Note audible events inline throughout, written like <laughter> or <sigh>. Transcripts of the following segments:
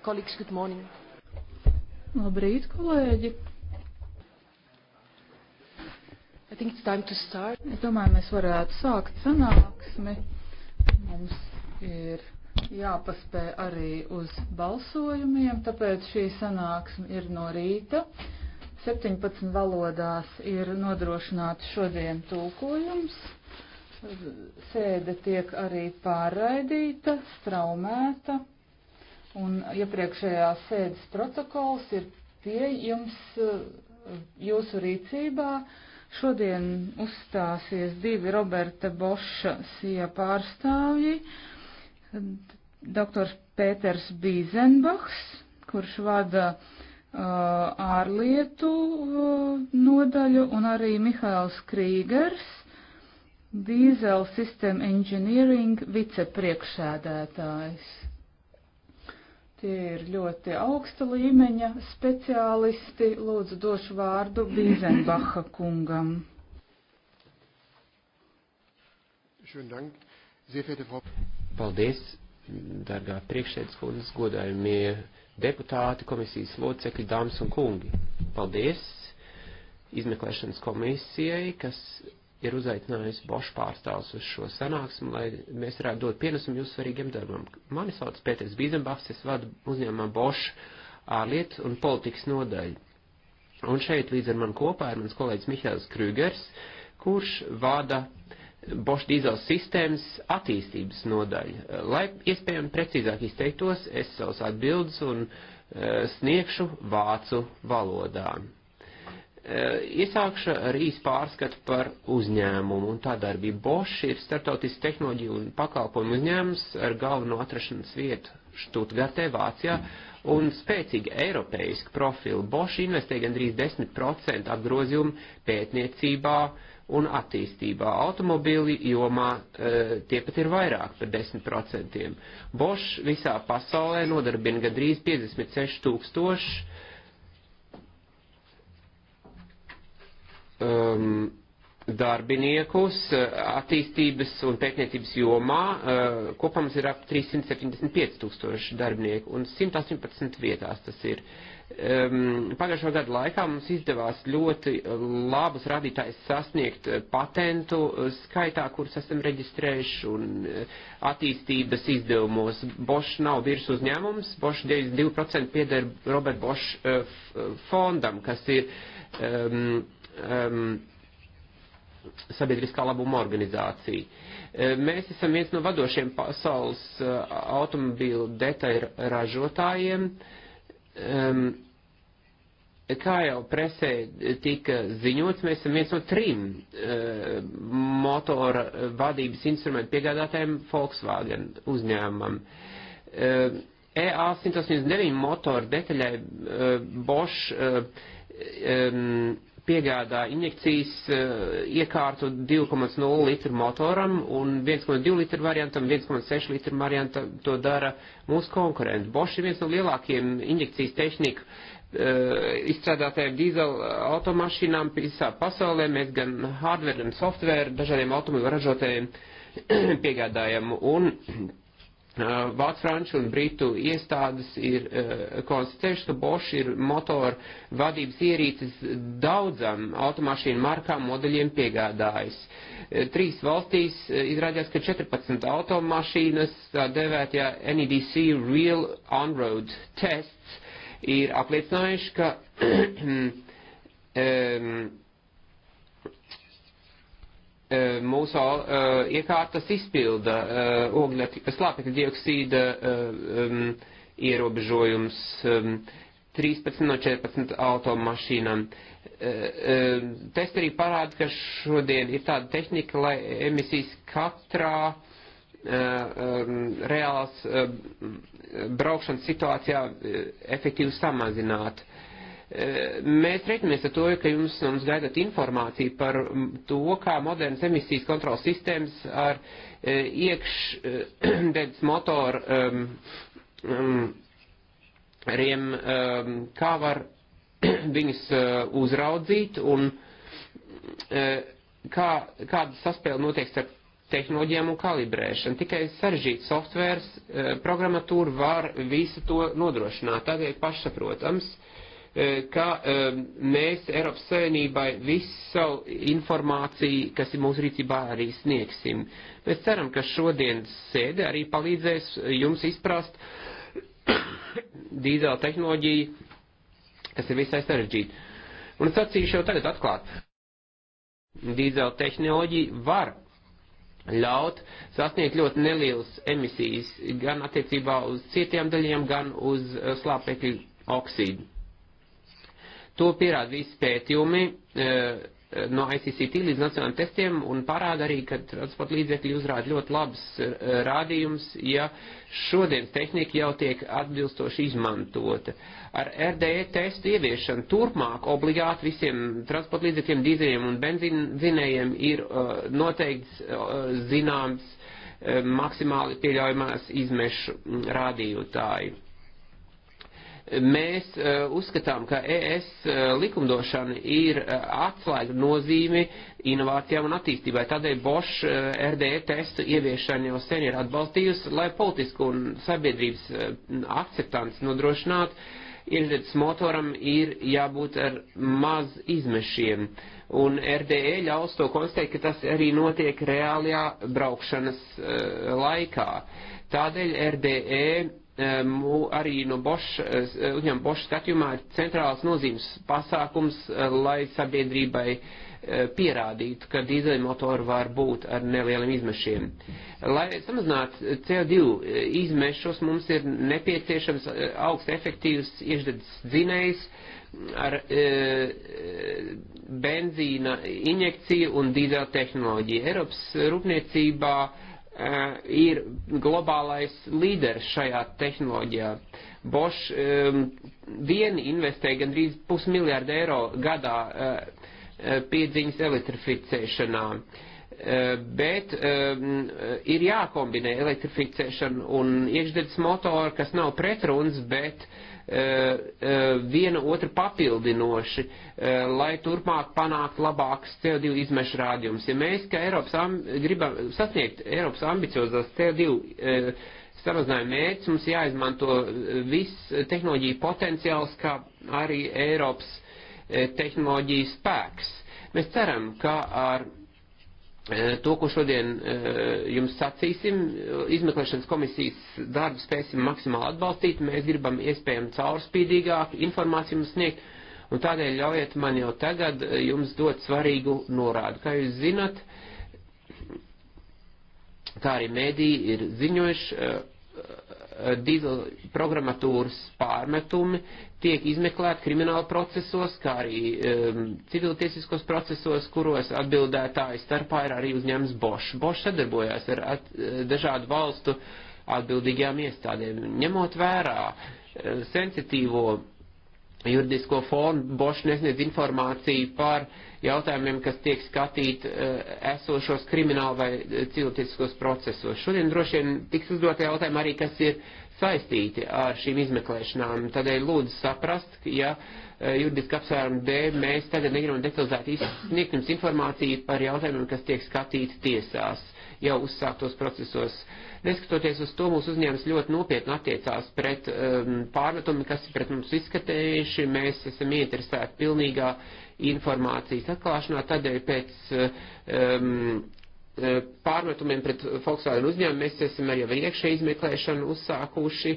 Colleagues, good morning. Labrīt, kolēģi. I think it's time to start. Es domāju, mēs varētu sākt sanāksmi. Mums ir jāpaspē arī uz balsojumiem, tāpēc šī sanāksme ir no rīta. 17 valodās ir nodrošināts šodien tulkojums. Sēde tiek arī pārraidīta, straumēta Un iepriekšējās sēdes protokols ir pie jums eh, jūsu rīcībā. Šodien uzstāsies divi Roberta Boša sija pārstāvji, doktors Pēters Bīzenbachs, kurš vada uh, ārlietu uh, nodaļu, un arī Mihails Krīgers, Diesel System Engineering vicepriekšēdētājs. Tie ir ļoti augsta līmeņa speciālisti. Lūdzu, došu vārdu Bīzenbaha kungam. Paldies, dargā priekšsēdus kundas, godājumie deputāti, komisijas locekļi, dāmas un kungi. Paldies izmeklēšanas komisijai, kas ir uzaicinājusi Bošu pārstāvus uz šo sanāksmu, lai mēs varētu dot pienesumu jūsu svarīgiem darbam. Mani sauc Pēters Bīzenbachs, es vadu uzņēmumā Bošu ārlietu un politikas nodaļu. Un šeit līdz ar man kopā ir mans kolēģis Mihāls Krūgers, kurš vada Bosch dīzels sistēmas attīstības nodaļu. Lai iespējami precīzāk izteiktos, es savus atbildes un e, sniegšu vācu valodā. E, iesākšu ar īsu pārskatu par uzņēmumu un tā darbību. Bosch ir startautisks tehnoloģiju un pakalpojumu uzņēmums ar galveno atrašanas vietu Štutgartē, Vācijā un spēcīga eiropeisku profilu. Bosch investē gandrīz 10% apgrozījumu pētniecībā un attīstībā. Automobīļu jomā e, tie pat ir vairāk par 10%. Bosch visā pasaulē nodarbina gandrīz 56 tūkstoši um, darbiniekus uh, attīstības un pētniecības jomā. Uh, kopā mums ir ap 375 tūkstoši darbinieku un 118 vietās tas ir. Um, pagājušo gadu laikā mums izdevās ļoti labus rādītājus sasniegt uh, patentu skaitā, kurus esam reģistrējuši un attīstības izdevumos. Bosch nav virs uzņēmums, Bosch 92% pieder Robert Bosch fondam, kas ir um, um, sabiedriskā labuma organizācija. Uh, mēs esam viens no vadošiem pasaules uh, automobīlu detaļu ražotājiem. Um, kā jau presē tika ziņots, mēs esam viens no trim uh, motora vadības instrumentu piegādātājiem Volkswagen uzņēmumam. Uh, EA189 motora detaļai uh, Bosch uh, um, piegādā injekcijas eh, iekārtu 2,0 litru motoram un 1,2 litru variantam, 1,6 litru variantam to dara mūsu konkurenti. Bosch ir viens no lielākiem injekcijas tehniku eh, izstrādātājiem dīzeļu automašīnām visā pasaulē. Mēs gan hardware, gan software dažādiem automobīļu ražotājiem <clears throat> piegādājam. Un Eh, Vācu, Franču un Britu iestādes ir eh, konstatējuši, ka Bosch ir motoru vadības ierīces daudzam automašīnu markām modeļiem piegādājis. Eh, trīs valstīs izrādījās, ka 14 automašīnas devētajā NEDC Real On-Road tests ir apliecinājuši, ka um, <clears throat> Eh, mūsu eh, iekārtas izpilda eh, slāpekļa dioksīda um, ierobežojums um, 13 no 14 automašīnām. Test arī parāda, ka šodien ir tāda tehnika, lai emisijas katrā um, reālās braukšanas situācijā efektīvi samazinātu E, mēs reiķinamies ar to, ka jums mums gaidat informāciju par to, kā modernas emisijas kontrolas sistēmas ar e, iekšdedzes e, <clears throat> motoru um, um, riem, um, kā var <clears throat> viņus uh, uzraudzīt un uh, kā, kāda saspēle notiek starp tehnoloģijām un kalibrēšanu. Tikai sarežģīts softvērs, programmatūra var visu to nodrošināt. Tādēļ pašsaprotams. Uh, Eh, ka eh, mēs Eiropas Savienībai visu savu informāciju, kas ir mūsu rīcībā, arī sniegsim. Mēs ceram, ka šodienas sēde arī palīdzēs jums izprast <coughs> dīzela tehnoloģiju, kas ir visai sarežģīta. Un sacīšu jau tagad atklāt. Dīzela tehnoloģija var ļaut sasniegt ļoti nelielas emisijas gan attiecībā uz cietiem daļiem, gan uz eh, slāpekļu oksīdu. To pierāda visi pētījumi e, no ICCT līdz nacionālajiem testiem un parāda arī, ka transporta līdzekļi uzrāda ļoti labs e, rādījums, ja šodienas tehnika jau tiek atbilstoši izmantota. Ar RDE testu ieviešanu turpmāk obligāti visiem transporta līdzekļiem, dīzeļiem un benzīnējiem ir uh, noteikts uh, zināms uh, maksimāli pieļaujamās izmešu rādījotāji Mēs eh, uzskatām, ka ES eh, likumdošana ir eh, atslēga nozīmi inovācijām un attīstībai. Tādēļ Bosch RDE testu ieviešana jau sen ir atbalstījusi, lai politisku un sabiedrības akceptanci nodrošinātu iekšzemes motoram ir jābūt ar maz izmešiem. Un RDE ļaus to konstatēt, ka tas arī notiek reālajā braukšanas uh, laikā. Tādēļ RDE Eh, arī no Bosch, eh, uzņēmuma Bosch skatījumā ir centrāls nozīmes pasākums, eh, lai sabiedrībai pierādītu, ka dīzeļmotori var būt ar nelieliem izmešiem. Lai samazinātu CO2 izmešus, mums ir nepieciešams augsts efektīvs iešdedzes dzinējs ar e, benzīna injekciju un dīzeļtehnoloģiju. Eiropas rūpniecībā e, Eh, ir globālais līderis šajā tehnoloģijā. Bosch um, vieni investē gandrīz pusmiljārdu eiro gadā uh, piedziņas elektrificēšanā. Uh, bet um, ir jākombinē elektrificēšana un iekšdedzes motori, kas nav pretruns, bet uh, E, e, viena otru papildinoši, e, lai turpmāk panākt labāks CO2 izmešu rādījums. Ja mēs, ka Eiropas am, gribam sasniegt Eiropas ambiciozās CO2 samazinājuma mērķis, mums jāizmanto viss tehnoloģija potenciāls, kā arī Eiropas tehnoloģijas spēks. Mēs ceram, ka ar Eh, to, ko šodien eh, jums sacīsim, eh, izmeklēšanas komisijas darbu spēsim maksimāli atbalstīt, mēs gribam iespējami caurspīdīgāk informāciju mums sniegt, un tādēļ ļaujiet man jau tagad jums dot svarīgu norādu. Kā jūs zinat, kā arī mēdī ir ziņojuši, dīzeļprogrammatūras pārmetumi tiek izmeklēti krimināla procesos, kā arī um, civiltiesiskos procesos, kuros atbildētāji starpā ir arī uzņēmums Bosch. Bosch sadarbojās ar at, eh, dažādu valstu atbildīgajām iestādēm. Ņemot vērā uh, sensitīvo juridisko fonu, Bosch nesniedz informāciju par jautājumiem, kas tiek skatīti uh, esošos krimināla vai civiltiesiskos procesos. Šodien droši vien tiks uzdota jautājuma arī, kas ir uh, saistīti ar šīm izmeklēšanām. Tādēļ lūdzu saprast, ka, ja eh, juridiski apsvērumu dēļ mēs tagad negribam detalizēt izsniegt jums informāciju par jautājumiem, kas tiek skatīti tiesās jau uzsāktos procesos. Neskatoties uz to, mūsu uzņēmums ļoti nopietni attiecās pret um, pārmetumi, kas ir pret mums izskatējuši. Mēs esam ieinteresēti pilnīgā informācijas atklāšanā, tādēļ pēc um, E, pārmetumiem pret Volkswagen uzņēmumu mēs esam arī iekšē izmeklēšanu uzsākuši,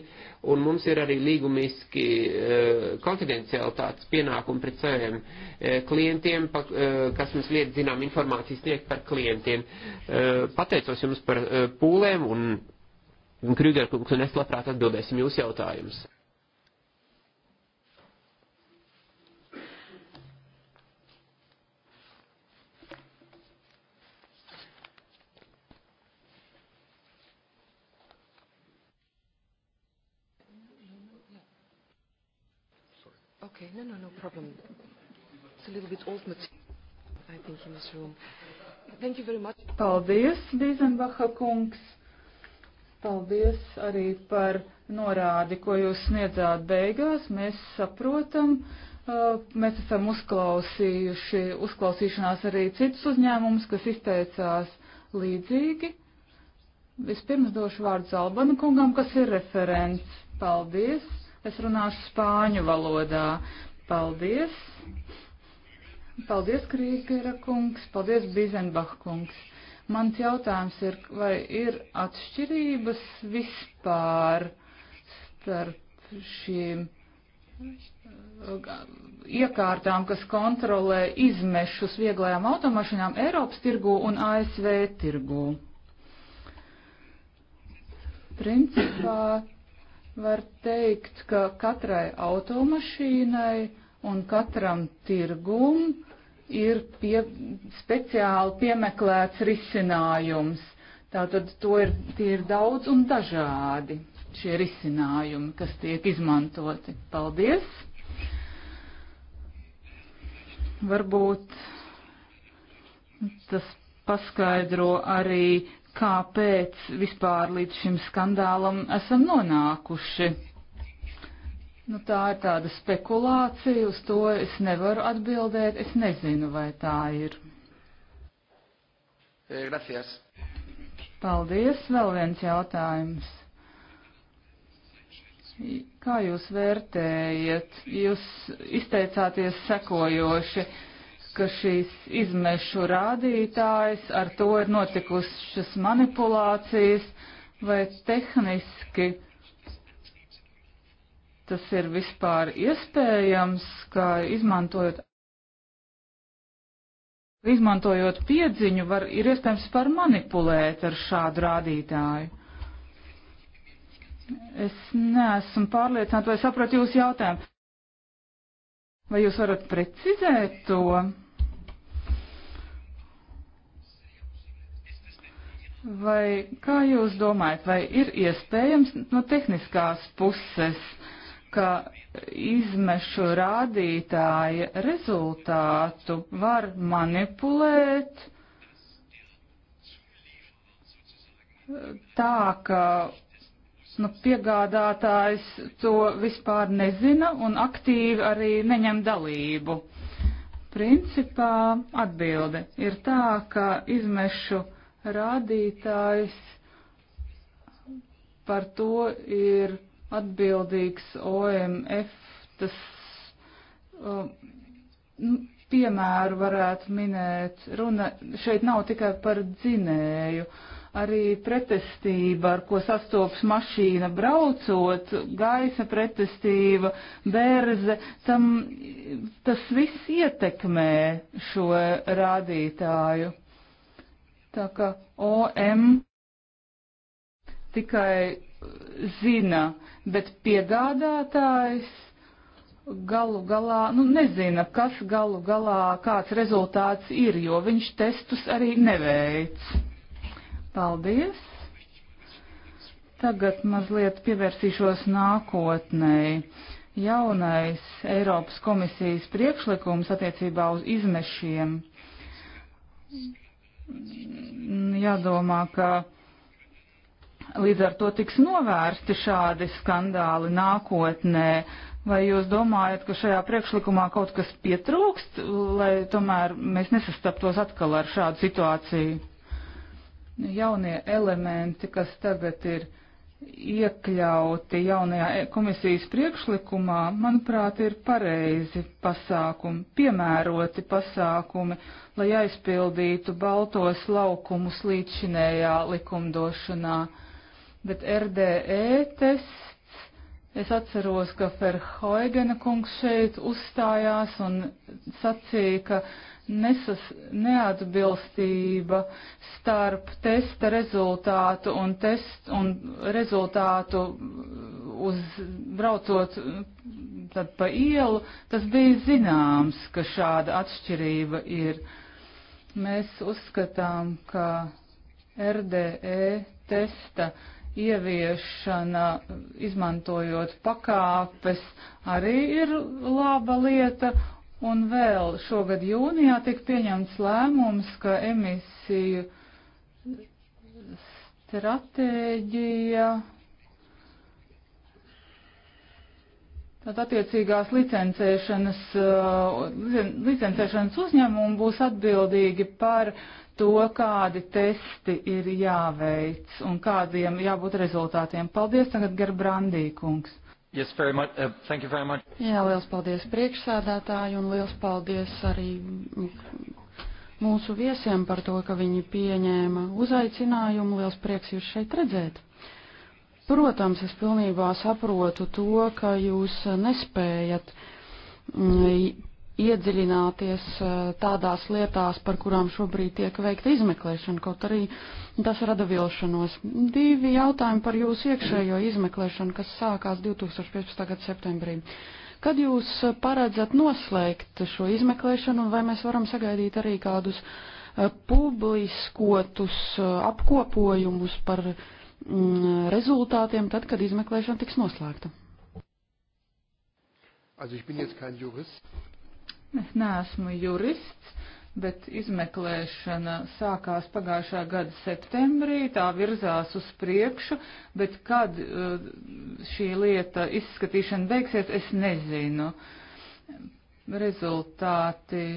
un mums ir arī līgumiski uh, konfidencialitātes pienākumi pret saviem uh, klientiem, pa, uh, kas mums liedz zinām informācijas sniegt par klientiem. Pateicos jums par pūlēm, un Krīgerkungs un es labprāt atbildēsim jūsu jautājumus. Okay, no, no, no problem. It's a little bit old material, I think, in this room. Thank you very much. Paldies, Dīzenbaha kungs. Paldies arī par norādi, ko jūs sniedzāt beigās. Mēs saprotam, uh, mēs esam uzklausījuši, uzklausīšanās arī citus uzņēmumus, kas izteicās līdzīgi. Vispirms došu vārdu Zalbanu kungam, kas ir referents. Paldies! Es runāšu spāņu valodā. Paldies! Paldies, Krīgera kungs! Paldies, Bizenbach kungs! Mans jautājums ir, vai ir atšķirības vispār starp šīm uh, iekārtām, kas kontrolē izmešus vieglajām automašīnām Eiropas tirgū un ASV tirgū? Principā var teikt, ka katrai automašīnai un katram tirgum ir pie, speciāli piemeklēts risinājums. Tātad to ir, tie ir daudz un dažādi šie risinājumi, kas tiek izmantoti. Paldies! Varbūt tas paskaidro arī kāpēc vispār līdz šim skandālam esam nonākuši. Nu, tā ir tāda spekulācija, uz to es nevaru atbildēt, es nezinu, vai tā ir. Eh, gracias. Paldies, vēl viens jautājums. Kā jūs vērtējat? Jūs izteicāties sekojoši ka šīs izmešu rādītājs, ar to ir notikušas manipulācijas vai tehniski tas ir vispār iespējams, ka izmantojot, izmantojot piedziņu var, ir iespējams par manipulēt ar šādu rādītāju. Es neesmu pārliecināta, vai sapratu jūsu jautājumu. Vai jūs varat precizēt to? Vai kā jūs domājat, vai ir iespējams no tehniskās puses, ka izmešu rādītāja rezultātu var manipulēt tā, ka nu, piegādātājs to vispār nezina un aktīvi arī neņem dalību? Principā atbilde ir tā, ka izmešu rādītājs par to ir atbildīgs OMF. Tas um, nu, piemēru varētu minēt. Runa šeit nav tikai par dzinēju. Arī pretestība, ar ko sastopas mašīna braucot, gaisa pretestība, bērze, tam tas viss ietekmē šo rādītāju. Tā kā OM tikai zina, bet piegādātājs galu galā, nu nezina, kas galu galā, kāds rezultāts ir, jo viņš testus arī neveic. Paldies! Tagad mazliet pievērsīšos nākotnēji jaunais Eiropas komisijas priekšlikums attiecībā uz izmešiem Mm, jādomā, ka līdz ar to tiks novērsti šādi skandāli nākotnē. Vai jūs domājat, ka šajā priekšlikumā kaut kas pietrūkst, lai tomēr mēs nesastaptos atkal ar šādu situāciju? Jaunie elementi, kas tagad ir iekļauti jaunajā e- komisijas priekšlikumā, manuprāt, ir pareizi pasākumi, piemēroti pasākumi, lai aizpildītu baltos laukumus līdzinējā likumdošanā. Bet RDE tests, es atceros, ka Ferhoigena kungs šeit uzstājās un sacīja, ka nesas, neatbilstība starp testa rezultātu un, test, un rezultātu uz braucot tad pa ielu, tas bija zināms, ka šāda atšķirība ir. Mēs uzskatām, ka RDE testa ieviešana, izmantojot pakāpes, arī ir laba lieta, Un vēl šogad jūnijā tika pieņemts lēmums, ka emisiju stratēģija. Tad attiecīgās licencēšanas, uh, licencēšanas uzņēmumi būs atbildīgi par to, kādi testi ir jāveic un kādiem jābūt rezultātiem. Paldies tagad, Gerbrandīkungs. Yes, very much. Uh, thank you very much. Jā, liels paldies priekšsādātāju un liels paldies arī mūsu viesiem par to, ka viņi pieņēma uzaicinājumu. Liels prieks jūs šeit redzēt. Protams, es pilnībā saprotu to, ka jūs nespējat mm, iedziļināties eh, tādās lietās, par kurām šobrīd tiek veikta izmeklēšana, kaut arī tas rada vilšanos. Divi jautājumi par jūsu iekšējo izmeklēšanu, kas sākās 2015. gada septembrī. Kad jūs paredzat noslēgt šo izmeklēšanu un vai mēs varam sagaidīt arī kādus eh, publiskotus eh, apkopojumus par mm, rezultātiem tad, kad izmeklēšana tiks noslēgta? Also ich bin jetzt kein Jurist. Es neesmu jurists, bet izmeklēšana sākās pagājušā gada septembrī, tā virzās uz priekšu, bet kad uh, šī lieta izskatīšana beigsies, es nezinu. Rezultāti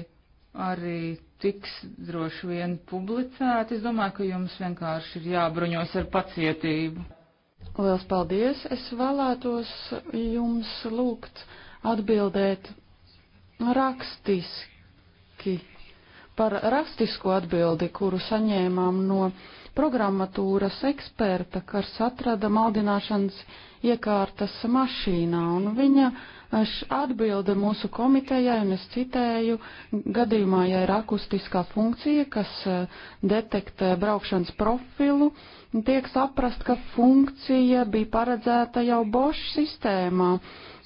arī tiks droši vien publicēti. Es domāju, ka jums vienkārši ir jābruņos ar pacietību. Liels paldies! Es vēlētos jums lūgt atbildēt rakstiski par rakstisko atbildi, kuru saņēmām no programmatūras eksperta, kas atrada maldināšanas iekārtas mašīnā, un viņa atbilde mūsu komitejai, un es citēju, gadījumā, ja ir akustiskā funkcija, kas detektē braukšanas profilu, tiek saprast, ka funkcija bija paredzēta jau Bosch sistēmā,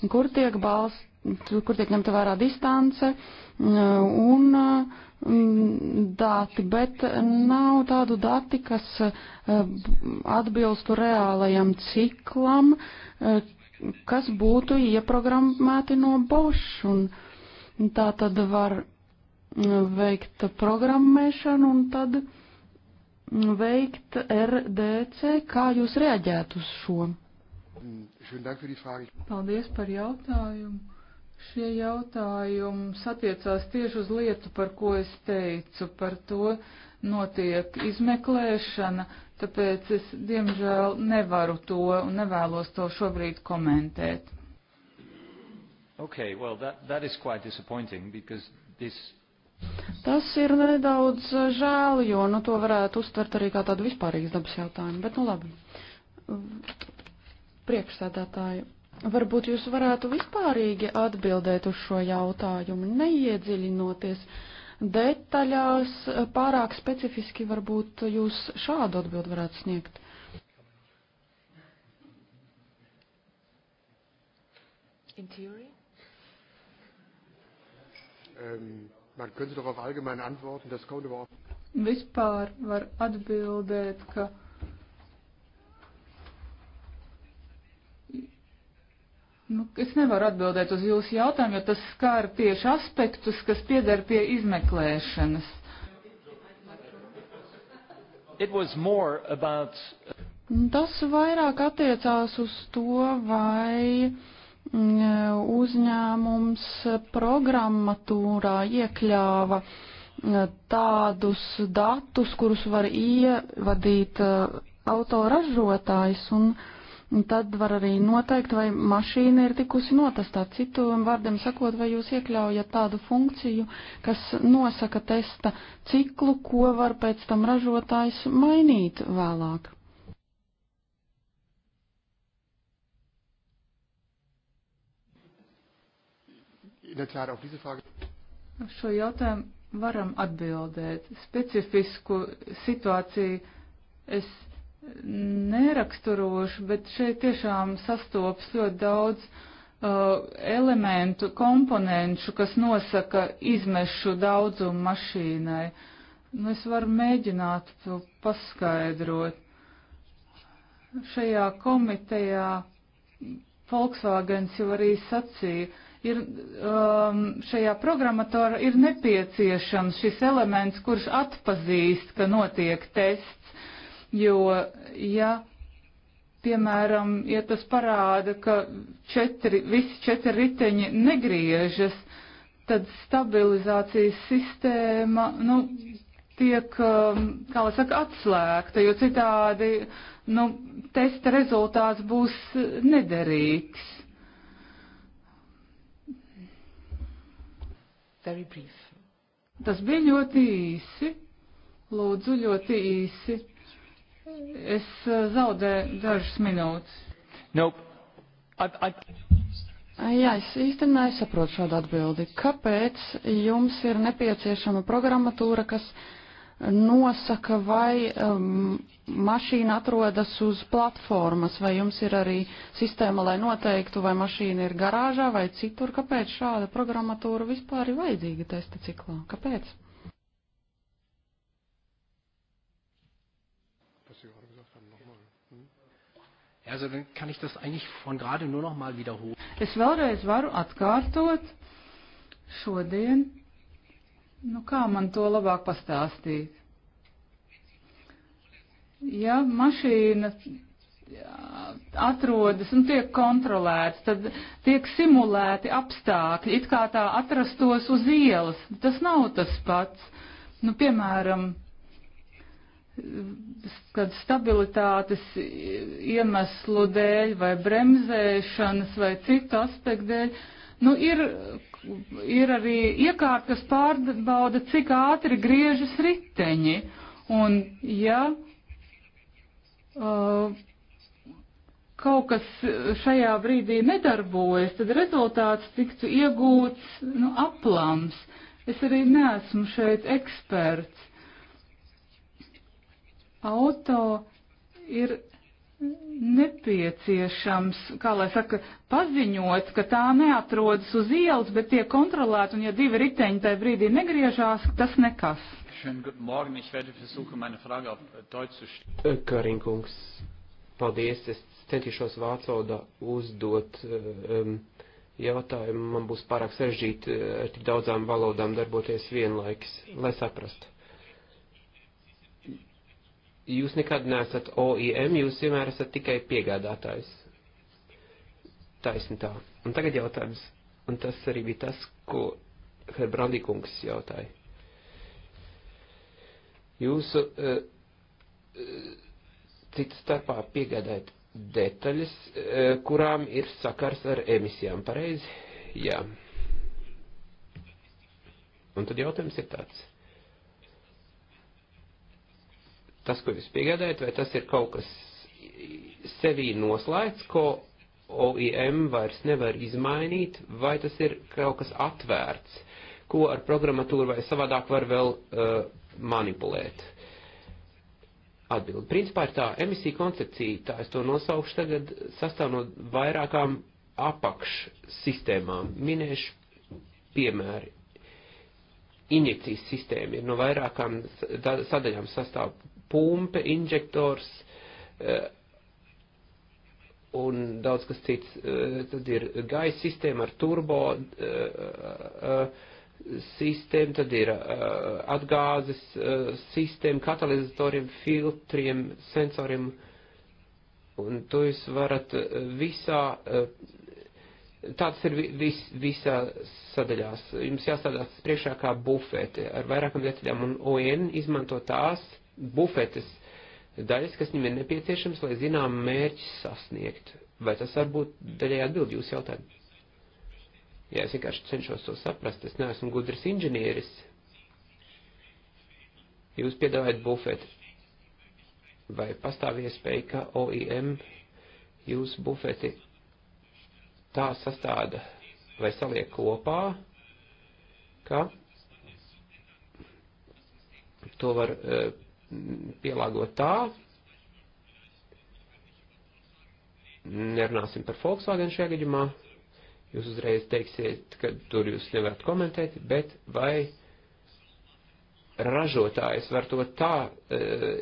kur tiek balst kur tiek ņemta vērā distance un mm, dati, bet nav tādu dati, kas eh, atbilstu reālajam ciklam, eh, kas būtu ieprogrammēti no Bosch. Un tā tad var mm, veikt programmēšanu un tad mm, veikt RDC, kā jūs reaģētu uz šo. Paldies par jautājumu. Šie jautājumi satiecās tieši uz lietu, par ko es teicu, par to notiek izmeklēšana, tāpēc es diemžēl nevaru to un nevēlos to šobrīd komentēt. Okay, well, that, that is quite disappointing because this Tas ir nedaudz žēl, jo nu, to varētu uztvert arī kā tādu vispārīgu dabas jautājumu. Bet, nu labi, priekšsēdētāju Varbūt jūs varētu vispārīgi atbildēt uz šo jautājumu, neiedziļinoties detaļās, pārāk specifiski varbūt jūs šādu atbildi varētu sniegt. In theory? Um, man könnte darauf allgemein antworten, das kommt aber auch. Vispār var atbildēt, ka Nu, es nevaru atbildēt uz jūsu jautājumu, jo tas skār tieši aspektus, kas piedara pie izmeklēšanas. About... Tas vairāk attiecās uz to, vai mm, uzņēmums programmatūrā iekļāva mm, tādus datus, kurus var ievadīt mm, autoražotājs un ražotājs tad var arī noteikt, vai mašīna ir tikusi notestēta. Citu vārdiem sakot, vai jūs iekļaujat tādu funkciju, kas nosaka testa ciklu, ko var pēc tam ražotājs mainīt vēlāk. Uz šo jautājumu varam atbildēt. Specifisku situāciju es neraksturošu, bet šeit tiešām sastopas ļoti daudz uh, elementu, komponentu, kas nosaka izmešu daudzumu mašīnai. Nu, es varu mēģināt to paskaidrot. Šajā komitejā Volkswagens jau arī sacīja, ir um, šajā programmatora ir nepieciešams šis elements, kurš atpazīst, ka notiek tests jo, ja, piemēram, ja tas parāda, ka četri, visi četri riteņi negriežas, tad stabilizācijas sistēma, nu, tiek, um, kā lai saka, atslēgta, jo citādi, nu, testa rezultāts būs nederīgs. Tas bija ļoti īsi. Lūdzu, ļoti īsi. Es eh, zaudēju dažas minūtes. Nope. I, I... Jā, es īstenībā nesaprotu šādu atbildi. Kāpēc jums ir nepieciešama programmatūra, kas nosaka, vai um, mašīna atrodas uz platformas, vai jums ir arī sistēma, lai noteiktu, vai mašīna ir garāžā vai citur? Kāpēc šāda programmatūra vispār ir vajadzīga testa ciklā? Kāpēc? Also dann kann ich das eigentlich von gerade nur noch mal wiederholen. Es vēlreiz varu atkārtot šodien. Nu kā man to labāk pastāstīt? Ja mašīna atrodas un tiek kontrolēts, tad tiek simulēti apstākļi, it kā tā atrastos uz ielas. Tas nav tas pats. Nu, piemēram, kad stabilitātes iemeslu dēļ vai bremzēšanas vai citu aspektu dēļ, nu ir, ir arī iekārt, kas pārbauda, cik ātri griežas riteņi. Un ja uh, kaut kas šajā brīdī nedarbojas, tad rezultāts tiktu iegūts nu, aplams. Es arī neesmu šeit eksperts auto ir nepieciešams, kā lai saka, paziņot, ka tā neatrodas uz ielas, bet tiek kontrolēta, un ja divi riteņi tajā brīdī negriežās, tas nekas. Äh, äh, Karinkungs, paldies, es centīšos vācodā uzdot um, jautājumu, man būs pārāk sarežģīti ar tik daudzām valodām darboties vienlaiks, lai saprastu jūs nekad neesat OIM, jūs vienmēr esat tikai piegādātājs. Taisni tā. Un tagad jautājums, un tas arī bija tas, ko Herbrandīkungs jautāja. Jūsu uh, eh, eh, citu starpā piegādājat detaļas, uh, kurām ir sakars ar emisijām, pareizi? Jā. Un tad jautājums ir tāds tas, ko jūs piegādājat, vai tas ir kaut kas sevī noslēgts, ko OIM vairs nevar izmainīt, vai tas ir kaut kas atvērts, ko ar programmatūru vai savādāk var vēl uh, manipulēt. Atbildi. Principā ir tā emisija koncepcija, tā es to nosaukšu tagad, sastāv no vairākām apakš sistēmām. Minēšu piemēri. Injekcijas sistēma ir no vairākām sadaļām sastāv pumpe, inžektors eh, un daudz kas cits. Eh, tad ir gaisa sistēma ar turbo eh, sistēmu, tad ir atgāzes sistēma, katalizatoriem, filtriem, sensoriem. Un to jūs varat visā, tāds ir vis, visā sadaļās. Jums jāstādās priekšā kā bufete ar vairākam detaļām, un ON izmanto tās bufetes daļas, kas viņam ir nepieciešams, lai zinām mērķi sasniegt. Vai tas var būt daļai atbild jūsu jautājumu? Jā, es vienkārši cenšos to saprast, es neesmu gudrs inženieris. Jūs piedāvājat bufeti. Vai pastāv iespēja, ka OIM jūs bufeti tā sastāda vai saliek kopā, ka to var uh, pielāgot tā, nerunāsim par Volkswagen šajā gadījumā, jūs uzreiz teiksiet, ka tur jūs nevarat komentēt, bet vai ražotājs var to tā e,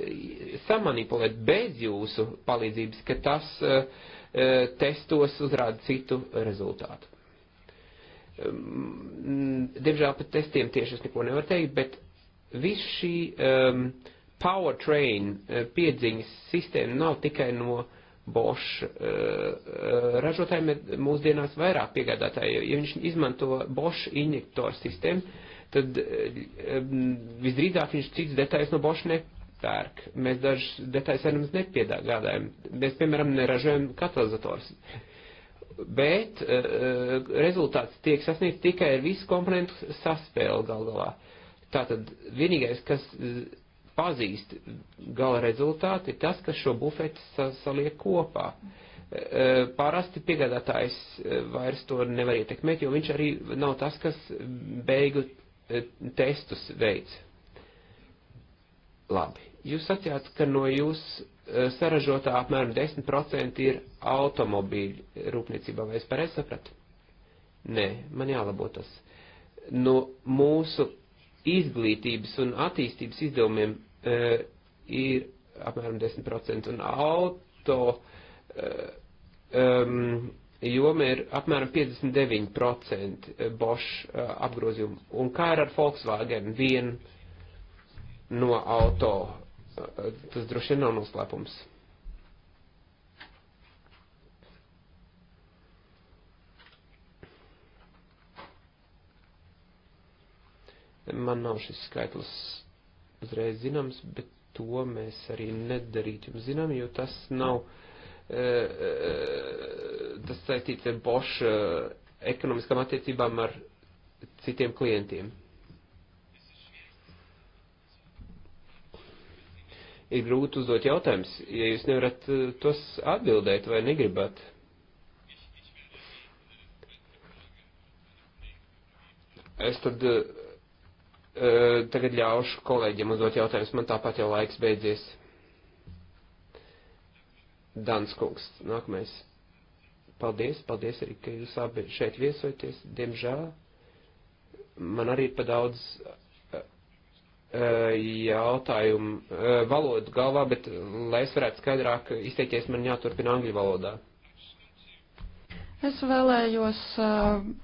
samanipulēt bez jūsu palīdzības, ka tas e, testos uzrāda citu rezultātu. E, m, mm, diemžēl par testiem tieši es neko nevaru teikt, bet viss šī um, e, powertrain eh, piedziņas sistēma nav tikai no Bosch eh, eh, ražotājiem, bet mūsdienās vairāk piegādātāji. Ja viņš izmanto Bosch injektoru sistēmu, tad visdrīzāk viņš cits detaļas no Bosch nepērk. Mēs dažas detaļas arī mums nepiedāgādājam. Mēs, piemēram, neražojam katalizators. Bet rezultāts tiek sasniegts tikai ar visu komponentu saspēli gal galā. Tātad vienīgais, kas pazīst gala rezultāti, ir tas, kas šo bufeti sa saliek kopā. E, e, parasti piegādātājs e, vairs to nevar ietekmēt, jo viņš arī nav tas, kas beigu testus veids. Labi. Jūs sacījāt, ka no jūs saražotā apmēram 10% ir automobīļu rūpniecībā, vai es pareizi sapratu? Nē, man jālabo tas. No mūsu izglītības un attīstības izdevumiem ir apmēram 10% un auto um, joma ir apmēram 59% Bosch uh, apgrozījumu. Un kā ir ar Volkswagen? Vien no auto. Uh, tas droši vien nav noslēpums. Man nav šis skaitlis uzreiz zināms, bet to mēs arī nedarītu jums zinām, jo tas nav, e, e, tas saistīts ar Boša e, ekonomiskām attiecībām ar citiem klientiem. Ir grūti uzdot jautājums, ja jūs nevarat e, tos atbildēt vai negribat. Es tad uh, Eh, tagad ļaušu kolēģiem uzdot jautājumus, man tāpat jau laiks beidzies. Dans kungs, nākamais. Paldies, paldies arī, ka jūs abi šeit viesojaties. Diemžēl man arī ir pa daudz eh, jautājumu eh, valodu galvā, bet, lai es varētu skaidrāk izteikties, man jāturpina angļu valodā. Es vēlējos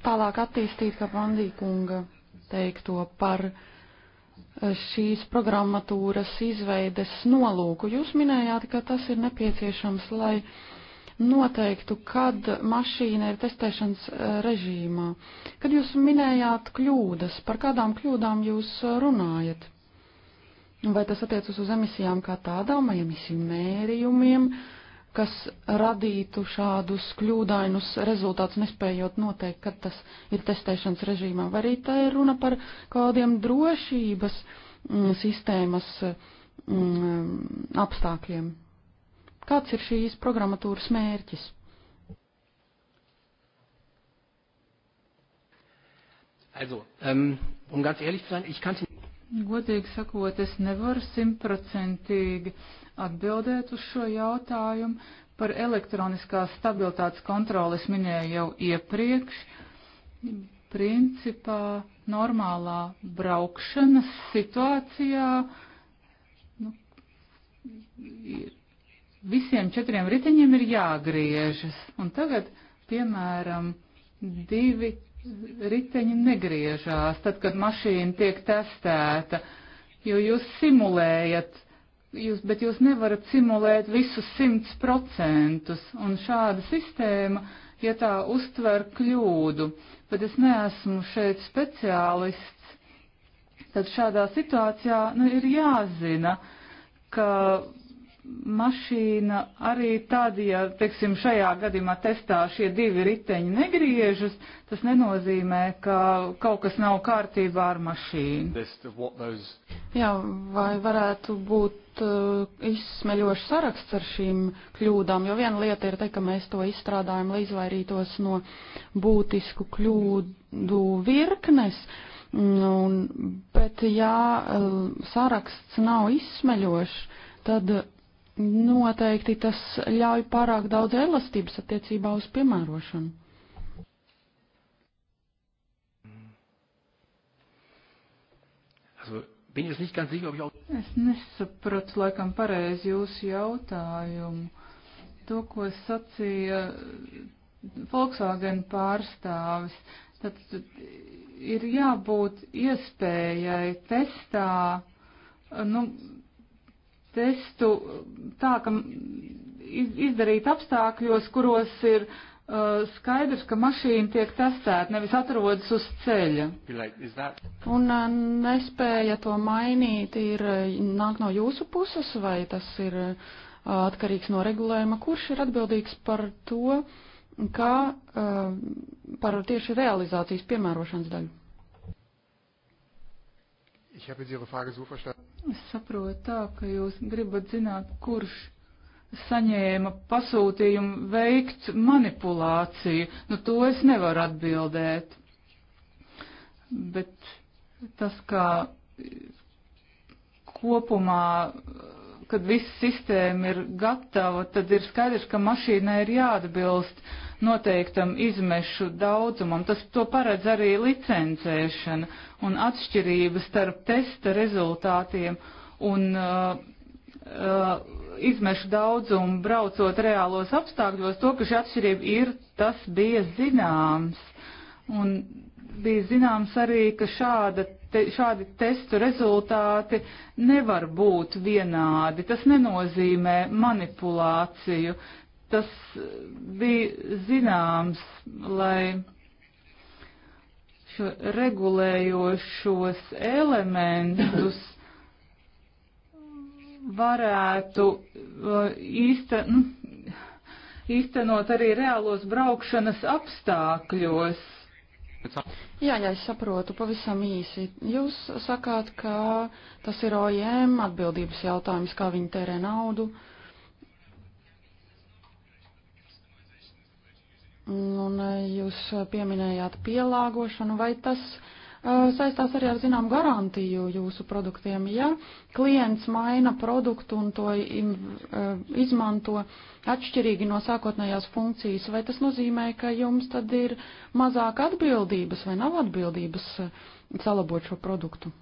tālāk attīstīt Kapandī kunga teikto par eh, šīs programmatūras izveides nolūku. Jūs minējāt, ka tas ir nepieciešams, lai noteiktu, kad mašīna ir testēšanas eh, režīmā. Kad jūs minējāt kļūdas, par kādām kļūdām jūs eh, runājat? Vai tas attiecas uz emisijām kā tādām, vai emisiju mērījumiem, uh, kas radītu šādus kļūdainus rezultātus, nespējot noteikt, kad tas ir testēšanas režīmā. Vai arī tā ir runa par kādiem drošības m, mm, sistēmas m, mm, apstākļiem? Kāds ir šīs programmatūras mērķis? Also, ähm, um ganz ehrlich zu sein, ich kannte. Godīgi sakot, es nevaru simtprocentīgi atbildēt uz šo jautājumu. Par elektroniskās stabilitātes kontroli es minēju jau iepriekš. Principā normālā braukšanas situācijā nu, visiem četriem riteņiem ir jāgriežas. Un tagad, piemēram, divi riteņi negriežās, tad, kad mašīna tiek testēta, jo jūs simulējat jūs, bet jūs nevarat simulēt visus simts procentus, un šāda sistēma, ja tā uztver kļūdu, bet es neesmu šeit speciālists, tad šādā situācijā nu, ir jāzina, ka mašīna arī tad, ja, teiksim, šajā gadījumā testā šie divi riteņi negriežas, tas nenozīmē, ka kaut kas nav kārtībā ar mašīnu. Jā, vai varētu būt Eh, izsmeļošs saraksts ar šīm kļūdām, jo viena lieta ir teikt, ka mēs to izstrādājam, lai izvairītos no būtisku kļūdu virknes, un, bet ja eh, saraksts nav izsmeļošs, tad noteikti tas ļauj pārāk daudz elastības attiecībā uz piemērošanu. Bin jetzt nicht ganz sicher, ob ich auch. Es nesapratu laikam pareizi jūsu jautājumu. To, ko sacīja Volkswagen pārstāvis, tad ir jābūt iespējai testā, nu, testu tā, ka izdarīt apstākļos, kuros ir uh, Uh, skaidrs, ka mašīna tiek testēta, nevis atrodas uz ceļa. Un uh, nespēja to mainīt ir uh, nāk no jūsu puses, vai tas ir atkarīgs no regulējuma, kurš ir atbildīgs par to, kā par tieši realizācijas piemērošanas daļu. Es saprotu tā, ka jūs gribat zināt, kurš saņēma pasūtījumu veikt manipulāciju. Nu, to es nevaru atbildēt. Bet tas, kā kopumā, kad viss sistēma ir gatava, tad ir skaidrs, ka mašīnai ir jāatbilst noteiktam izmešu daudzumam. Tas to paredz arī licencēšana un atšķirības starp testa rezultātiem un uh, uh, izmešu daudzumu braucot reālos apstākļos, to, ka šī atšķirība ir, tas bija zināms. Un bija zināms arī, ka šāda, te, šādi testu rezultāti nevar būt vienādi. Tas nenozīmē manipulāciju. Tas bija zināms, lai šo regulējošos elementus varētu uh, īsta, nu, īstenot arī reālos braukšanas apstākļos. Jā, jā, es saprotu pavisam īsi. Jūs sakāt, ka tas ir OJM atbildības jautājums, kā viņi tērē naudu. Un eh, jūs pieminējāt pielāgošanu, vai tas Eh, saistās arī ar zinām garantiju jūsu produktiem. Ja klients maina produktu un to eh, izmanto atšķirīgi no sākotnējās funkcijas, vai tas nozīmē, ka jums tad ir mazāk atbildības vai nav atbildības eh, salabot šo produktu?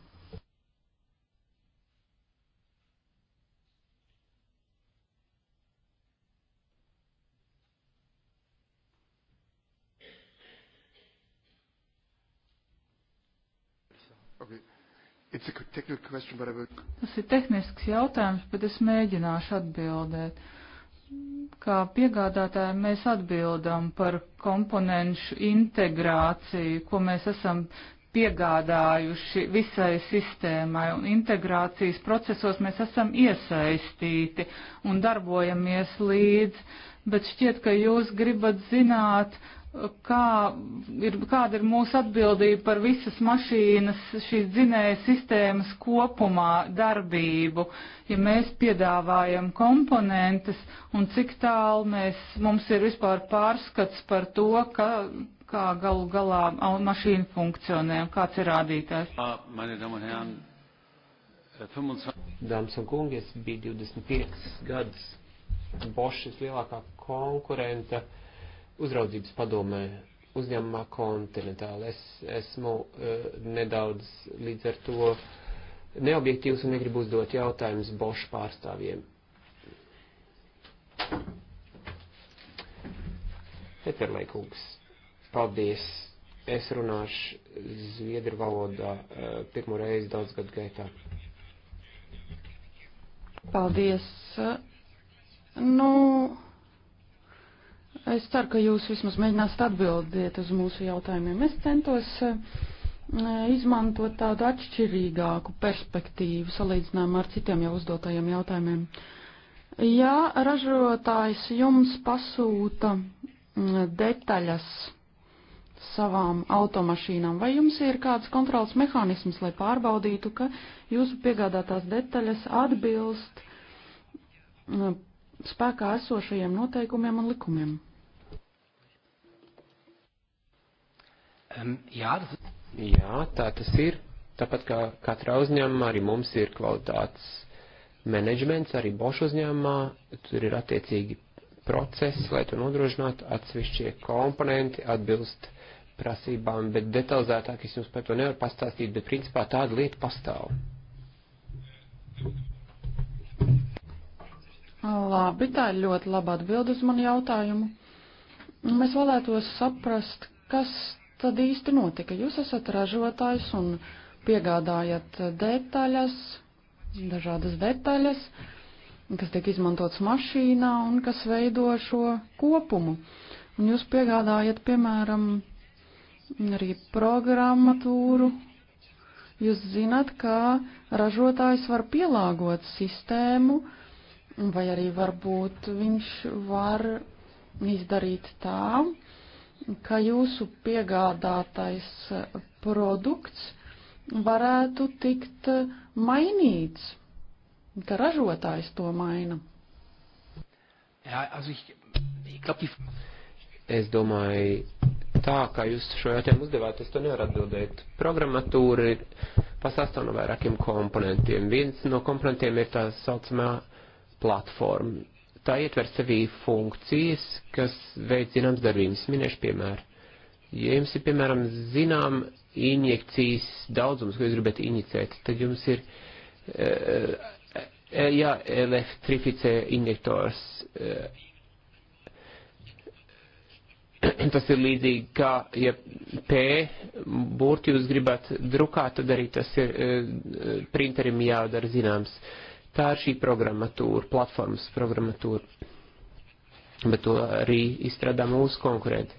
question, would... Tas ir tehnisks jautājums, bet es mēģināšu atbildēt. Kā piegādātāji mēs atbildam par komponenšu integrāciju, ko mēs esam piegādājuši visai sistēmai, un integrācijas procesos mēs esam iesaistīti un darbojamies līdz, bet šķiet, ka jūs gribat zināt, uh, kā ir, kāda ir mūsu atbildība par visas mašīnas, šīs dzinēja sistēmas kopumā darbību, ja mēs piedāvājam komponentes un cik tālu mēs, mums ir vispār pārskats par to, ka, kā galu galā mašīna funkcionē un kāds ir rādītājs. Äh, Dāmas un kungi, es biju 25 gadus Bošas lielākā konkurenta uzraudzības padomē uzņēmumā kontinentāli. Es esmu uh, nedaudz līdz ar to neobjektīvs un negribu uzdot jautājumus Bošu pārstāvjiem. Peterlaikungs, paldies. Es runāšu zviedru valodā uh, pirmo reizi daudz gadu gaitā. Paldies. Nu, Es ceru, ka jūs vismaz mēģināsiet atbildēt uz mūsu jautājumiem. Es centos eh, izmantot tādu atšķirīgāku perspektīvu salīdzinājumā ar citiem jau uzdotajiem jautājumiem. Ja ražotājs jums pasūta mm, detaļas savām automašīnām, vai jums ir kāds kontrols mehānisms, lai pārbaudītu, ka jūsu piegādātās detaļas atbilst mm, spēkā esošajiem noteikumiem un likumiem? Um, jā, tas... jā, tā tas ir. Tāpat kā katrā uzņēmumā, arī mums ir kvalitātes menedžments, arī Bošu uzņēmumā, tur ir attiecīgi procesi, lai to nodrošinātu, atsevišķie komponenti atbilst prasībām, bet detalizētāk es jums par to nevaru pastāstīt, bet principā tāda lieta pastāv. Labi, tā ir ļoti laba atbildes man jautājumu. Mēs vēlētos saprast, kas tad īsti notika? Jūs esat ražotājs un piegādājat detaļas, dažādas detaļas, kas tiek izmantotas mašīnā un kas veido šo kopumu. Un jūs piegādājat, piemēram, arī programmatūru. Jūs zinat, ka ražotājs var pielāgot sistēmu, vai arī varbūt viņš var izdarīt tā, ka jūsu piegādātais eh, produkts varētu tikt eh, mainīts, ka ražotājs to maina. Jā, also ich, ich glaub, die... Es domāju, tā kā jūs šo jautājumu uzdevāt, es to nevaru atbildēt. Programmatūra ir pasastāv no vairākiem komponentiem. Viens no komponentiem ir tā saucamā platforma tā ietver sevī funkcijas, kas veic zināms darbības. Minēšu piemēru. Ja jums ir, piemēram, zinām injekcijas daudzums, ko jūs gribat injicēt, tad jums ir eh, eh, jā, elektrificē injektors. Eh, <clears throat> tas ir līdzīgi kā, ja P burti jūs gribat drukāt, tad arī tas ir printerim jādara zināms. Uh, Tā ir šī programmatūra, platformas programmatūra. Bet to arī izstrādā mūsu konkurenti.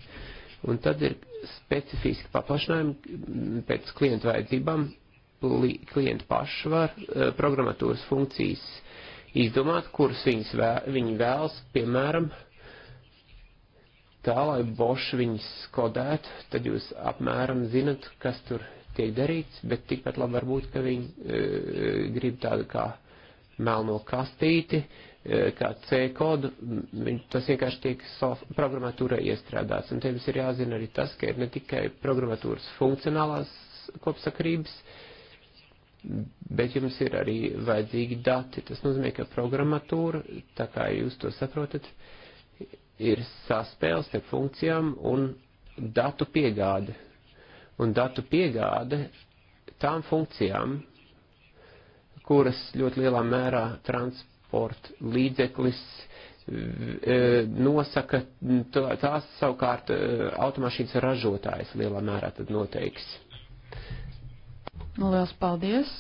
Un tad ir specifiski paplašinājumi pēc klientu vajadzībām. Klienti paši var eh, programmatūras funkcijas izdomāt, kuras vēl, viņi vēlas, piemēram, tā, lai boši viņus kodētu, tad jūs apmēram zinat, kas tur tiek darīts, bet tikpat labi varbūt, ka viņi e, grib tādu kā melno kastīti, e, kā C kodu, tas vienkārši tiek programmatūrā iestrādāts. Un te mums ir jāzina arī tas, ka ir ne tikai programmatūras funkcionālās kopsakrības, bet jums ir arī vajadzīgi dati. Tas nozīmē, ka programmatūra, tā kā jūs to saprotat, ir saspēles te funkcijām un datu piegāde. Un datu piegāde tām funkcijām, kuras ļoti lielā mērā transporta līdzeklis e, nosaka, tās savukārt e, automašīnas ražotājs lielā mērā tad noteiks. Lielas paldies!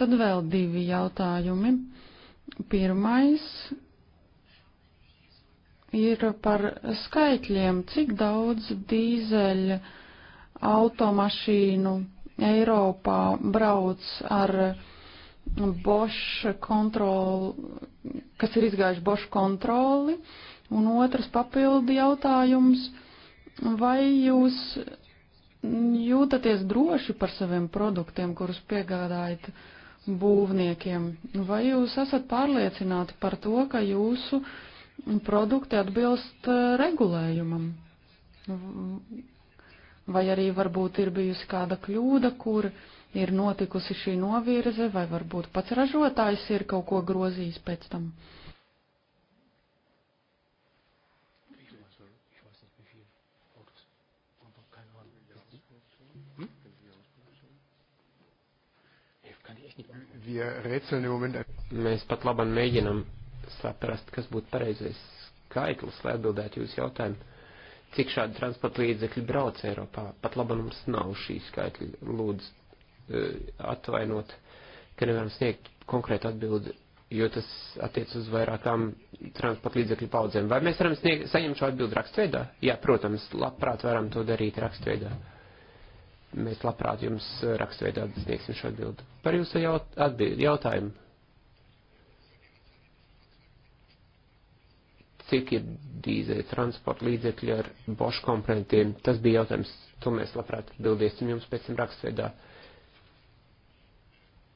Tad vēl divi jautājumi. Pirmais ir par skaitļiem, cik daudz dīzeļa automašīnu Eiropā brauc ar uh, Boša kontroli, kas ir izgājuši Boša kontroli, un otrs papildi jautājums, vai jūs jūtaties droši par saviem produktiem, kurus piegādājat būvniekiem, vai jūs esat pārliecināti par to, ka jūsu produkti atbilst eh, regulējumam? Vai arī varbūt ir bijusi kāda kļūda, kur uh, ir notikusi šī novirze, vai varbūt pats ražotājs ir kaut ko grozījis pēc tam? Mēs pat labam mēģinam saprast, kas būtu pareizais skaitlis, lai atbildētu jūsu jautājumu cik šādi transporta līdzekļi brauc Eiropā. Pat labi mums nav šī skaitļa. Lūdzu, Eh, atvainot, ka nevaram sniegt konkrētu atbildi, jo tas attiec uz vairākām transporta līdzekļu paudzēm. Vai mēs varam sniegt, saņemt šo atbildi rakstveidā? Jā, protams, labprāt varam to darīt rakstveidā. Mēs labprāt jums eh, rakstveidā sniegsim šo atbildi. Par jūsu jaut atbildi, jautājumu. Cik ir dīzeļa transporta līdzekļi ar Bosch komponentiem? Tas bija jautājums, to mēs labprāt atbildēsim jums pēc tam rakstveidā. Uh,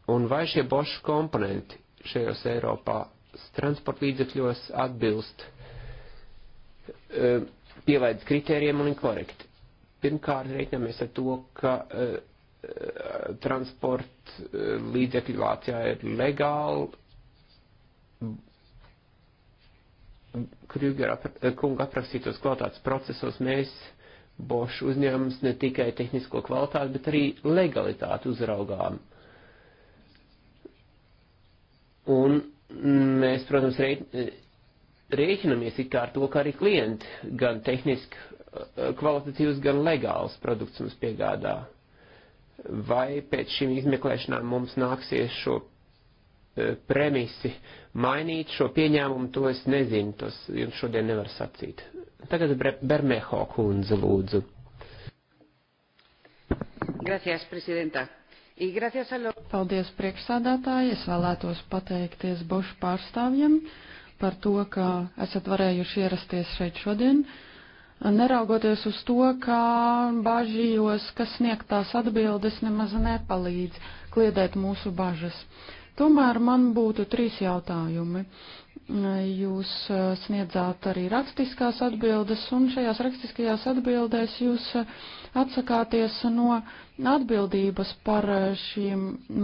Un vai šie bošu komponenti šajos Eiropā transporta līdzekļos atbilst e, pielaides kritērijiem un ir korekti? Pirmkārt, reiķinamies ar to, ka e, transporta e, līdzekļi Vācijā ir legāli. Krüger e, kunga aprakstītos kvalitātes procesos mēs Bošu uzņēmums ne tikai tehnisko kvalitāti, bet arī legalitāti uzraugām. Uh, Un mēs, protams, rēķinamies it kā ar to, ka arī klienti gan tehniski eh, kvalitatīvs, gan legāls produkts mums piegādā. Vai pēc šīm izmeklēšanām mums nāksies šo eh, premisi mainīt šo pieņēmumu, to es nezinu, tas jums šodien nevar sacīt. Tagad Bermeho kundze lūdzu. Gracias, presidenta. Paldies priekšsādātāji, es vēlētos pateikties Bošu pārstāvjiem par to, ka esat varējuši ierasties šeit šodien. Neraugoties uz to, ka bažījos, ka sniegtās atbildes nemaz nepalīdz kliedēt mūsu bažas. Tomēr man būtu trīs jautājumi. Jūs eh, sniedzāt arī rakstiskās atbildes, un šajās rakstiskajās atbildēs jūs uh, atsakāties no atbildības par eh, šīm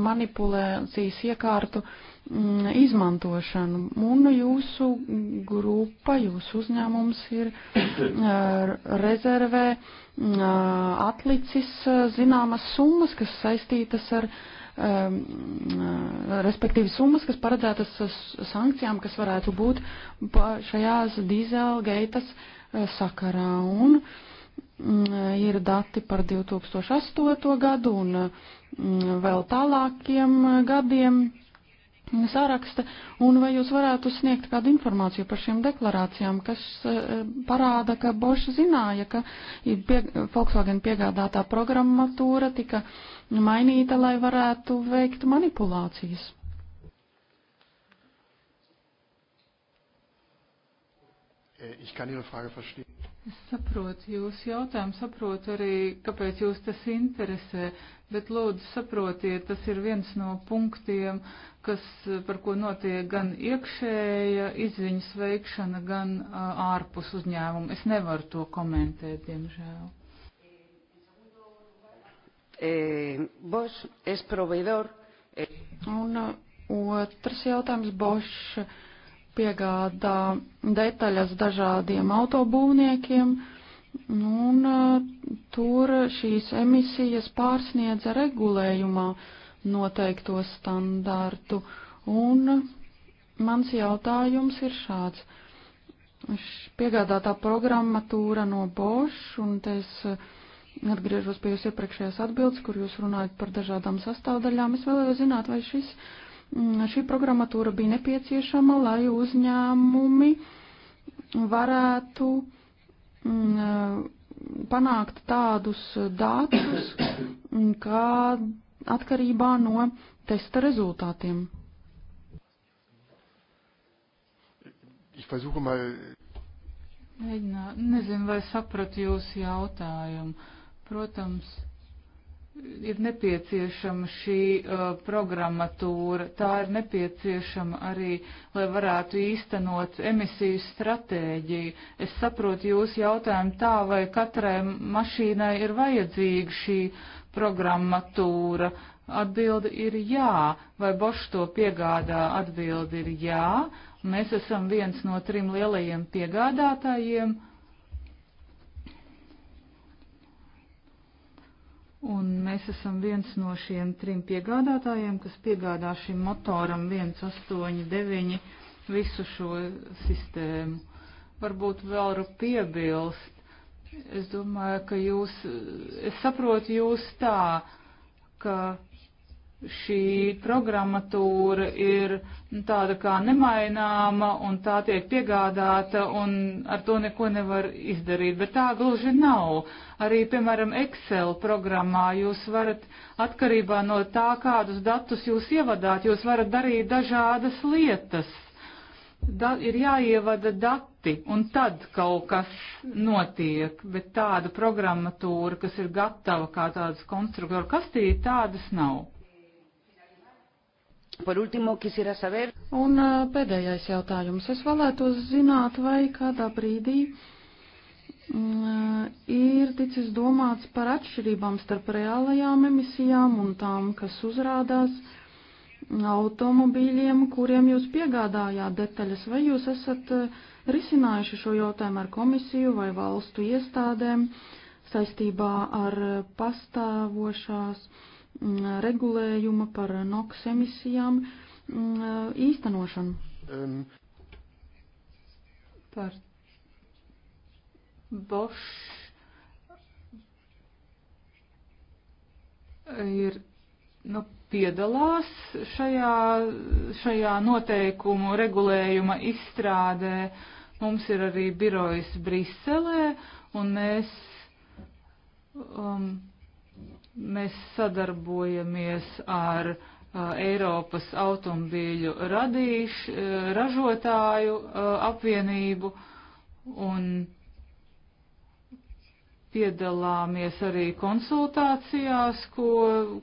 manipulācijas iekārtu mm, izmantošanu. Un jūsu grupa, jūsu uzņēmums ir eh, rezervē mm, eh, atlicis zināmas summas, kas saistītas ar ehm, respektīvi summas, kas paredzētas sankcijām, kas varētu būt šajās dīzelgeitas sakarā. Un Mm, eh, ir dati par 2008. gadu un mm, vēl tālākiem eh, gadiem saraksta, un vai jūs varētu sniegt kādu informāciju par šīm deklarācijām, kas eh, parāda, ka Bošs zināja, ka pie, Volkswagen piegādātā programmatūra tika mainīta, lai varētu veikt manipulācijas? Äh, ich kann Ihre Frage verstehen. Es saprotu jūsu jautājumu, saprotu arī, kāpēc jūs tas interesē, bet lūdzu saprotiet, tas ir viens no punktiem, kas, par ko notiek gan iekšēja izziņas veikšana, gan uh, ārpus uzņēmuma. Es nevaru to komentēt, diemžēl. Eh, Bosch es proveidor. Eh. Un uh, otrs jautājums, Bosch piegādā detaļas dažādiem autobūvniekiem, nu, un eh, tur šīs emisijas pārsniedza regulējumā noteikto standārtu. Un mans jautājums ir šāds. Piegādātā programmatūra no Bosch, un te es eh, atgriežos pie jūs iepriekšējās atbildes, kur jūs runājat par dažādām sastāvdaļām. Es vēlējos zināt, vai šis Mm, šī programmatūra bija nepieciešama, lai uzņēmumi varētu mm, eh, panākt tādus datus, mm, kā atkarībā no testa rezultātiem. Mēģinā, nezinu, vai sapratu jūsu jautājumu. Protams, ir nepieciešama šī uh, programmatūra, tā ir nepieciešama arī, lai varētu īstenot emisiju stratēģiju. Es saprotu jūs jautājumu tā, vai katrai mašīnai ir vajadzīga šī programmatūra. Atbildi ir jā, vai Bosch to piegādā atbildi ir jā. Mēs esam viens no trim lielajiem piegādātājiem. Uh, Un mēs esam viens no šiem trim piegādātājiem, kas piegādā šim motoram 189 visu šo sistēmu. Varbūt vēl varu piebilst. Es domāju, ka jūs, es saprotu jūs tā, ka šī programmatūra ir tāda kā nemaināma un tā tiek piegādāta un ar to neko nevar izdarīt, bet tā gluži nav. Arī, piemēram, Excel programmā jūs varat atkarībā no tā, kādus datus jūs ievadāt, jūs varat darīt dažādas lietas. Da, ir jāievada dati un tad kaut kas notiek, bet tāda programmatūra, kas ir gatava kā tādas konstruktora kastīte, tādas nav. Par último, quisiera saber. Un uh, pēdējais jautājums. Es vēlētos zināt, vai kādā brīdī mm, uh, ir ticis domāts par atšķirībām starp reālajām emisijām un tām, kas uzrādās automobīļiem, kuriem jūs piegādājāt detaļas, vai jūs esat uh, risinājuši šo jautājumu ar komisiju vai valstu iestādēm saistībā ar pastāvošās Mm, regulējuma par NOx emisijām mm, īstenošanu. Um. Par Bosch ir, nu, piedalās šajā, šajā noteikumu regulējuma izstrādē. Mums ir arī birojas Briselē, un mēs um, Mēs sadarbojamies ar uh, Eiropas automobīļu radīšu, uh, ražotāju uh, apvienību un piedalāmies arī konsultācijās, ko,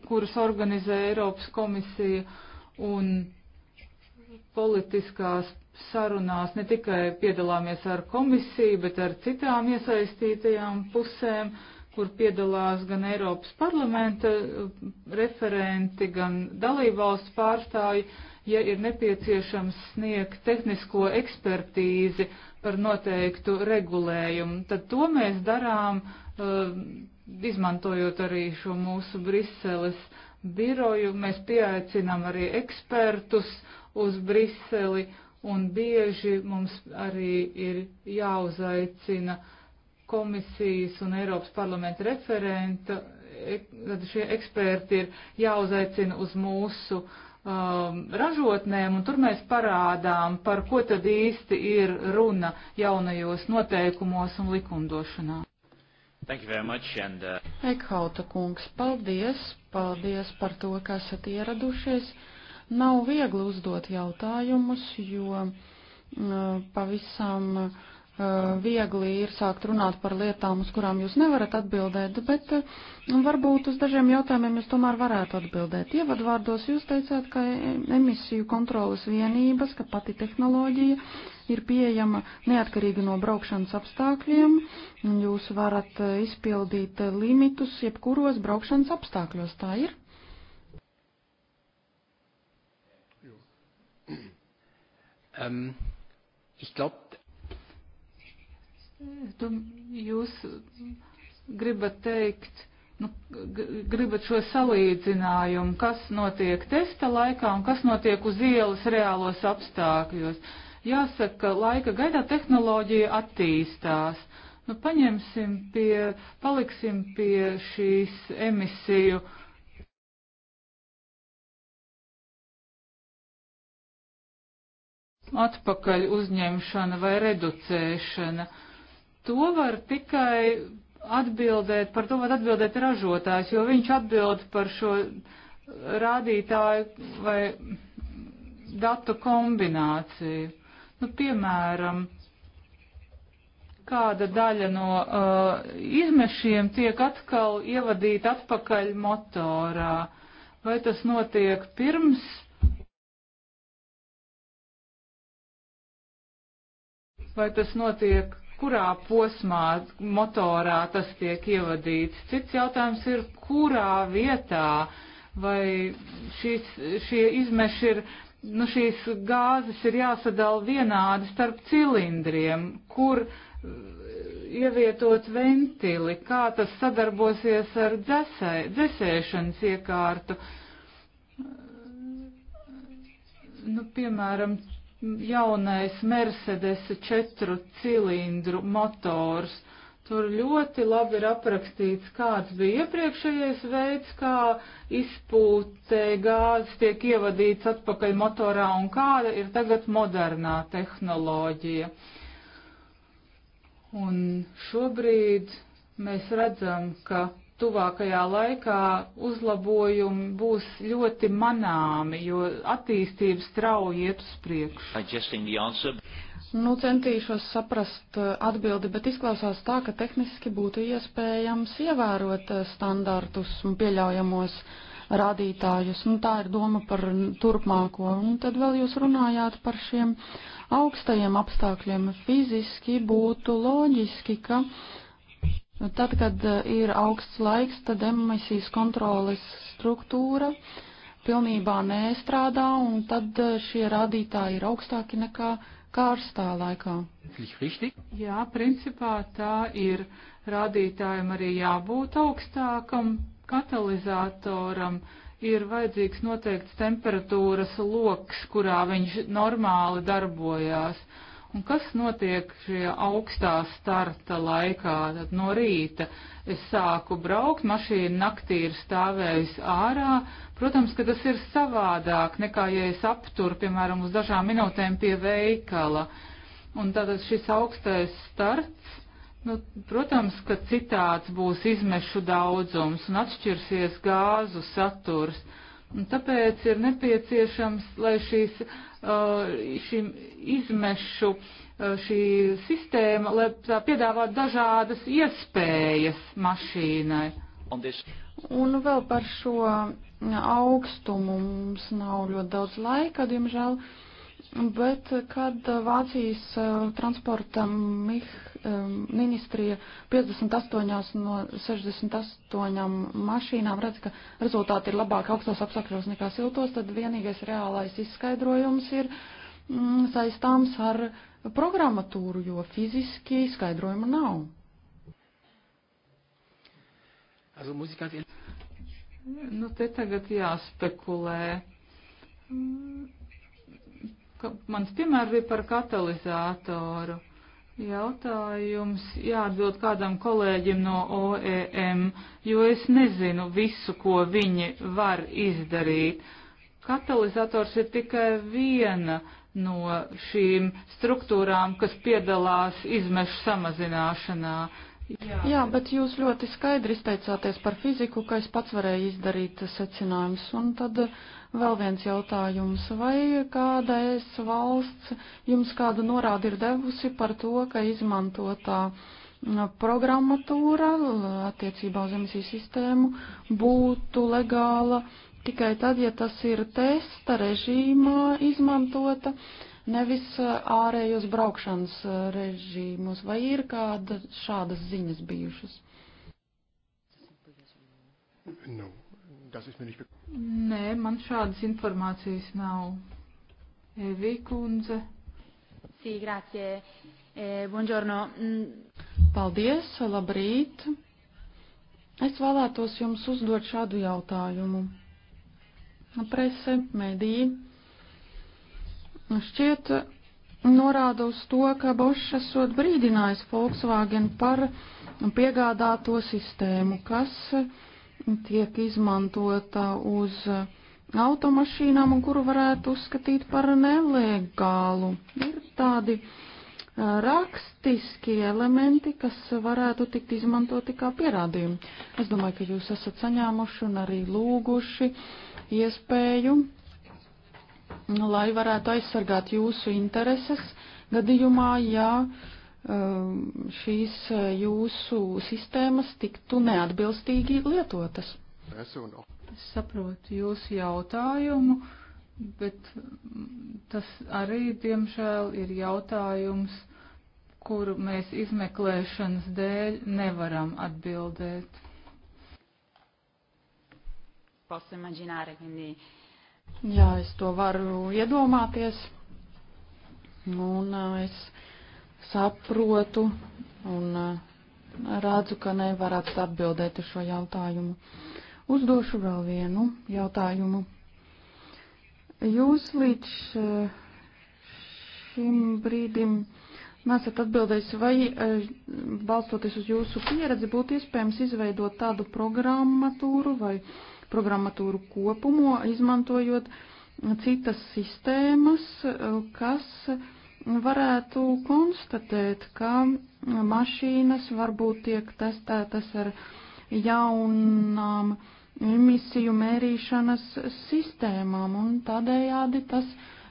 kuras organizē Eiropas komisija un politiskās sarunās ne tikai piedalāmies ar komisiju, bet ar citām iesaistītajām pusēm. Uh, kur piedalās gan Eiropas parlamenta eh, referenti, gan dalībvalsts pārstāji, ja ir nepieciešams sniegt tehnisko ekspertīzi par noteiktu regulējumu. Tad to mēs darām, eh, izmantojot arī šo mūsu Briseles biroju. Mēs pieaicinām arī ekspertus uz Briseli un bieži mums arī ir jāuzaicina uh, komisijas un Eiropas parlamenta referenta, tad šie eksperti ir jāuzaicina uz mūsu um, ražotnēm, un tur mēs parādām, par ko tad īsti ir runa jaunajos noteikumos un likumdošanā. Much, and, uh... Ekhauta kungs, paldies, paldies par to, ka esat ieradušies. Nav viegli uzdot jautājumus, jo uh, pavisam uh, Eh, viegli ir sākt runāt par lietām, uz kurām jūs nevarat atbildēt, bet eh, varbūt uz dažiem jautājumiem jūs tomēr varētu atbildēt. Ievadvārdos jūs teicāt, ka emisiju kontrolas vienības, ka pati tehnoloģija ir pieejama neatkarīgi no braukšanas apstākļiem, un jūs varat eh, izpildīt limitus jebkuros braukšanas apstākļos. Tā ir? Um, <clears throat> ich glaube, Tu, jūs gribat teikt, nu, gribat šo salīdzinājumu, kas notiek testa laikā un kas notiek uz ielas reālos apstākļos. Jāsaka, ka laika gaidā tehnoloģija attīstās. Nu, paņemsim pie, paliksim pie šīs emisiju. Atpakaļ uzņemšana vai reducēšana. Uh, to var tikai atbildēt, par to var atbildēt ražotājs, jo viņš atbild par šo rādītāju vai datu kombināciju. Nu, piemēram, kāda daļa no uh, izmešiem tiek atkal ievadīta atpakaļ motorā. Vai tas notiek pirms? Vai tas notiek kurā posmā motorā tas tiek ievadīts. Cits jautājums ir, kurā vietā vai šīs, šie izmeši ir, nu šīs gāzes ir jāsadala vienādi starp cilindriem, kur eh, ievietot ventili, kā tas sadarbosies ar dzesē, dzesēšanas iekārtu. Nu, piemēram, jaunais Mercedes četru cilindru motors. Tur ļoti labi ir aprakstīts, kāds bija iepriekšējais veids, kā izpūtē gāzes tiek ievadīts atpakaļ motorā un kāda ir tagad modernā tehnoloģija. Un šobrīd mēs redzam, ka tuvākajā laikā uzlabojumi būs ļoti manāmi, jo attīstība strauji iet uz priekšu. Nu, centīšos saprast uh, atbildi, bet izklausās tā, ka tehniski būtu iespējams ievērot uh, standartus un pieļaujamos rādītājus. Nu, tā ir doma par turpmāko. Un tad vēl jūs runājāt par šiem augstajiem apstākļiem. Fiziski būtu loģiski, ka. Uh, Nu, tad, kad eh, ir augsts laiks, tad emisijas kontroles struktūra pilnībā nestrādā, un tad eh, šie rādītāji ir augstāki nekā kārstā laikā. Jā, principā tā ir rādītājiem arī jābūt augstākam katalizatoram ir vajadzīgs noteikts temperatūras loks, kurā viņš normāli darbojās. Un kas notiek šajā augstā starta laikā? Tad no rīta es sāku braukt, mašīna naktī ir stāvējusi ārā. Protams, ka tas ir savādāk nekā, ja es apturu, piemēram, uz dažām minūtēm pie veikala. Un tātad šis augstais starts, nu, protams, ka citāds būs izmešu daudzums un atšķirsies gāzu saturs. Un tāpēc ir nepieciešams, lai šīs, uh, šim izmešu uh, šī sistēma, lai tā piedāvā dažādas iespējas mašīnai. Un vēl par šo augstumu mums nav ļoti daudz laika, diemžēl. Uh, Bet eh, kad eh, Vācijas eh, transporta mih, ministrija 58 no 68 mašīnām redz, ka rezultāti ir labāk augstos apsakļos nekā siltos, tad vienīgais reālais izskaidrojums ir mm, saistāms ar programmatūru, jo fiziski izskaidrojumu nav. Nu, te tagad jāspekulē. Mm, ka mans piemērs bija par katalizātoru. Jautājums jāatbild kādam kolēģim no OEM, jo es nezinu visu, ko viņi var izdarīt. Katalizators ir tikai viena no šīm struktūrām, kas piedalās izmešu samazināšanā. Jā. Jā, bet jūs ļoti skaidri izteicāties par fiziku, ka es pats varēju izdarīt secinājumus, un tad Vēl viens jautājums. Vai kāda es valsts jums kādu norādi ir devusi par to, ka izmantotā programmatūra attiecībā uz emisiju sistēmu būtu legāla tikai tad, ja tas ir testa režīmā izmantota, nevis e, ārējos braukšanas e, režīmos? Vai ir kāda šādas ziņas bijušas? No. Nu, Tas ir minēts. Nē, man šādas informācijas nav. Evi kundze. Sī, grācie. E, eh, buongiorno. Mm. Paldies, labrīt. Es vēlētos jums uzdot šādu jautājumu. Prese, mediji šķiet norāda uz to, ka Bošs esot brīdinājis Volkswagen par piegādāto sistēmu, kas uh, tiek izmantota uz automašīnām un kuru varētu uzskatīt par nelegālu. Ir tādi rakstiski elementi, kas varētu tikt izmantoti kā pierādījumi. Es domāju, ka jūs esat saņēmuši un arī lūguši iespēju, nu, lai varētu aizsargāt jūsu intereses gadījumā, ja uh, Um, šīs uh, jūsu sistēmas tiktu neatbilstīgi lietotas. Es saprotu jūsu jautājumu, bet um, tas arī, diemžēl, ir jautājums, kuru mēs izmeklēšanas dēļ nevaram atbildēt. Posso immaginare, quindi... Jā, es to varu iedomāties. Un uh, es saprotu un eh, redzu, ka nevarētu atbildēt uz šo jautājumu. Uzdošu vēl vienu jautājumu. Jūs līdz eh, šim brīdim nesat atbildējis, vai eh, balstoties uz jūsu pieredzi būtu iespējams izveidot tādu programmatūru vai programmatūru kopumu, izmantojot citas sistēmas, kas varētu konstatēt, ka mašīnas varbūt tiek testētas ar jaunām emisiju mērīšanas sistēmām, un tādējādi tas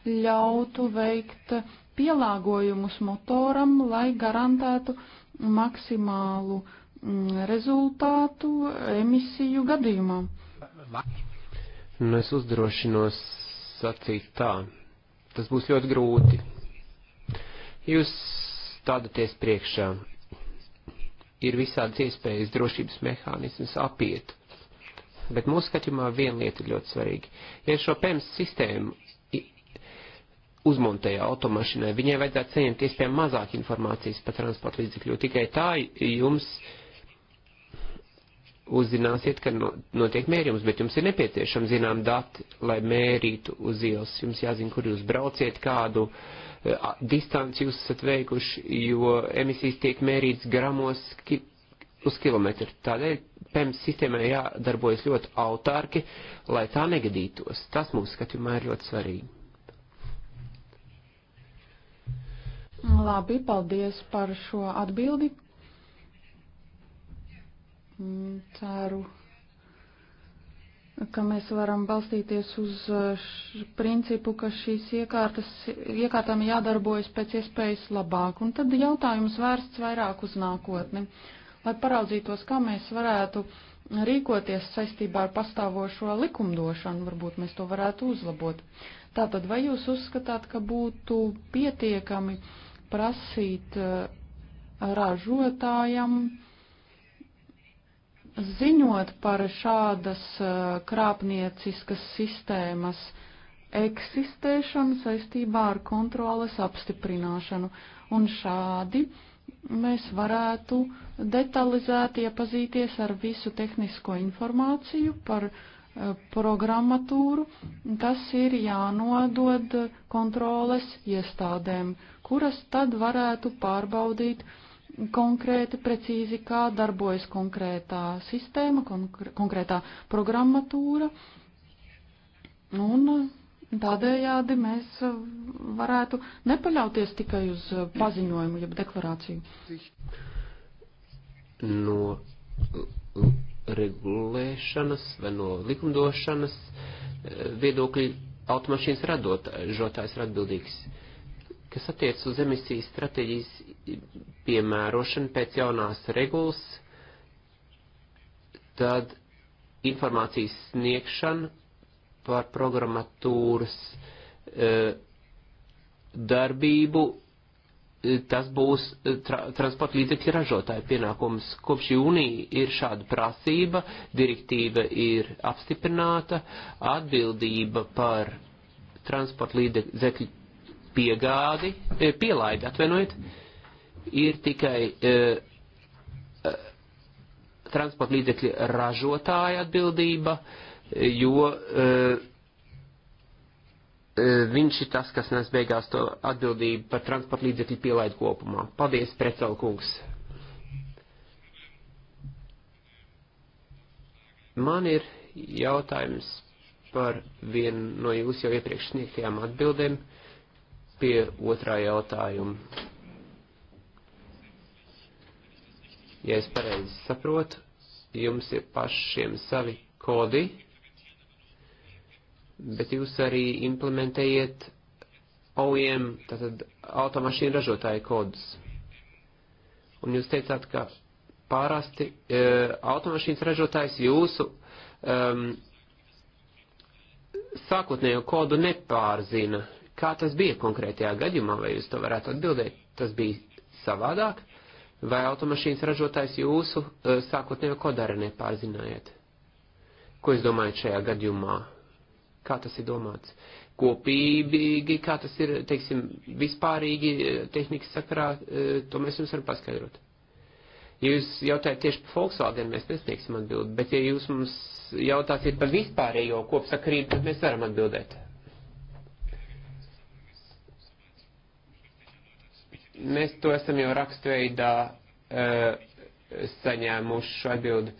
ļautu veikt pielāgojumus motoram, lai garantētu maksimālu mm, rezultātu emisiju gadījumā. Nu, es uzdrošinos sacīt tā. Tas būs ļoti grūti Jūs stādaties priekšā. Ir visādas iespējas drošības mehānismus apiet. Bet mūsu skatījumā viena lieta ir ļoti svarīga. Ja šo PEMS sistēmu uzmontēja automašīnai, viņai vajadzētu saņemt iespējami mazāk informācijas par transporta līdzekļu. Tikai tā jums uzzināsiet, ka notiek mērījums, bet jums ir nepieciešama zinām dati, lai mērītu uz ielas. Jums jāzina, kur jūs brauciet, kādu Eh, distanci jūs esat veikuši, jo emisijas tiek mērītas gramos ki uz kilometru. Tādēļ PEM sistēmai jādarbojas ļoti autārki, lai tā negadītos. Tas mums skatījumā ir ļoti svarīgi. Labi, paldies par šo atbildi. Mm, ceru, ka mēs varam balstīties uz uh, principu, ka šīs iekārtas, iekārtām jādarbojas pēc iespējas labāk. Un tad jautājums vērsts vairāk uz nākotni, lai paraudzītos, kā mēs varētu rīkoties saistībā ar pastāvošo likumdošanu, varbūt mēs to varētu uzlabot. Tātad, vai jūs uzskatāt, ka būtu pietiekami prasīt uh, ražotājam, ziņot par šādas uh, krāpnieciskas sistēmas eksistēšanu saistībā ar kontroles apstiprināšanu. Un šādi mēs varētu detalizēti iepazīties ar visu tehnisko informāciju par uh, programmatūru, kas ir jānodod kontroles iestādēm, kuras tad varētu pārbaudīt uh, konkrēti, precīzi, kā darbojas konkrētā sistēma, konkrētā programmatūra. Un uh, tādējādi mēs uh, varētu nepaļauties tikai uz uh, paziņojumu, jeb deklarāciju. No regulēšanas vai no likumdošanas viedokļi automašīnas radot, žotājs ir atbildīgs. Uh, Kas attiec uz emisiju stratēģijas piemērošanu pēc jaunās regulas, tad informācijas sniegšana par programmatūras e, darbību, e, tas būs e, tra transporta līdzekļu ražotāju pienākums. Kopš jūnija ir šāda prasība, direktīva ir apstiprināta, atbildība par transporta līdzekļu piegādi, e, pielaidi, atvainojiet, ir tikai e, e, transporta līdzekļu ražotāja atbildība, jo viņš ir tas, kas nes beigās to atbildību par transporta līdzekļu pielaidu kopumā. Paldies, Precelkungs! Man ir jautājums par vienu no jūs jau iepriekš sniegtajām atbildēm. Uh, pie otrā jautājuma. Ja es pareizi saprotu, jums ir pašiem savi kodi, bet jūs arī implementējiet OEM, tātad automašīnu ražotāju kodus. Un jūs teicāt, ka pārasti e, automašīnas ražotājs jūsu um, sākotnējo kodu nepārzina. Kā tas bija konkrētajā gadījumā, vai jūs to varētu atbildēt? Tas bija savādāk, vai automašīnas ražotājs jūsu e, sākotnējo kodāri nepārzinājāt? Ko jūs domājat šajā gadījumā? Kā tas ir domāts? Kopīgi, kā tas ir, teiksim, vispārīgi e, tehnikas sakarā, e, to mēs jums varam paskaidrot. Ja jūs jautājat tieši par Volkswagen, mēs nesniegsim atbildi, bet ja jūs mums jautāsiet par vispārējo kopsakarību, tad mēs varam atbildēt. Mēs to esam jau rakstveidā uh, saņēmuši šo atbildi.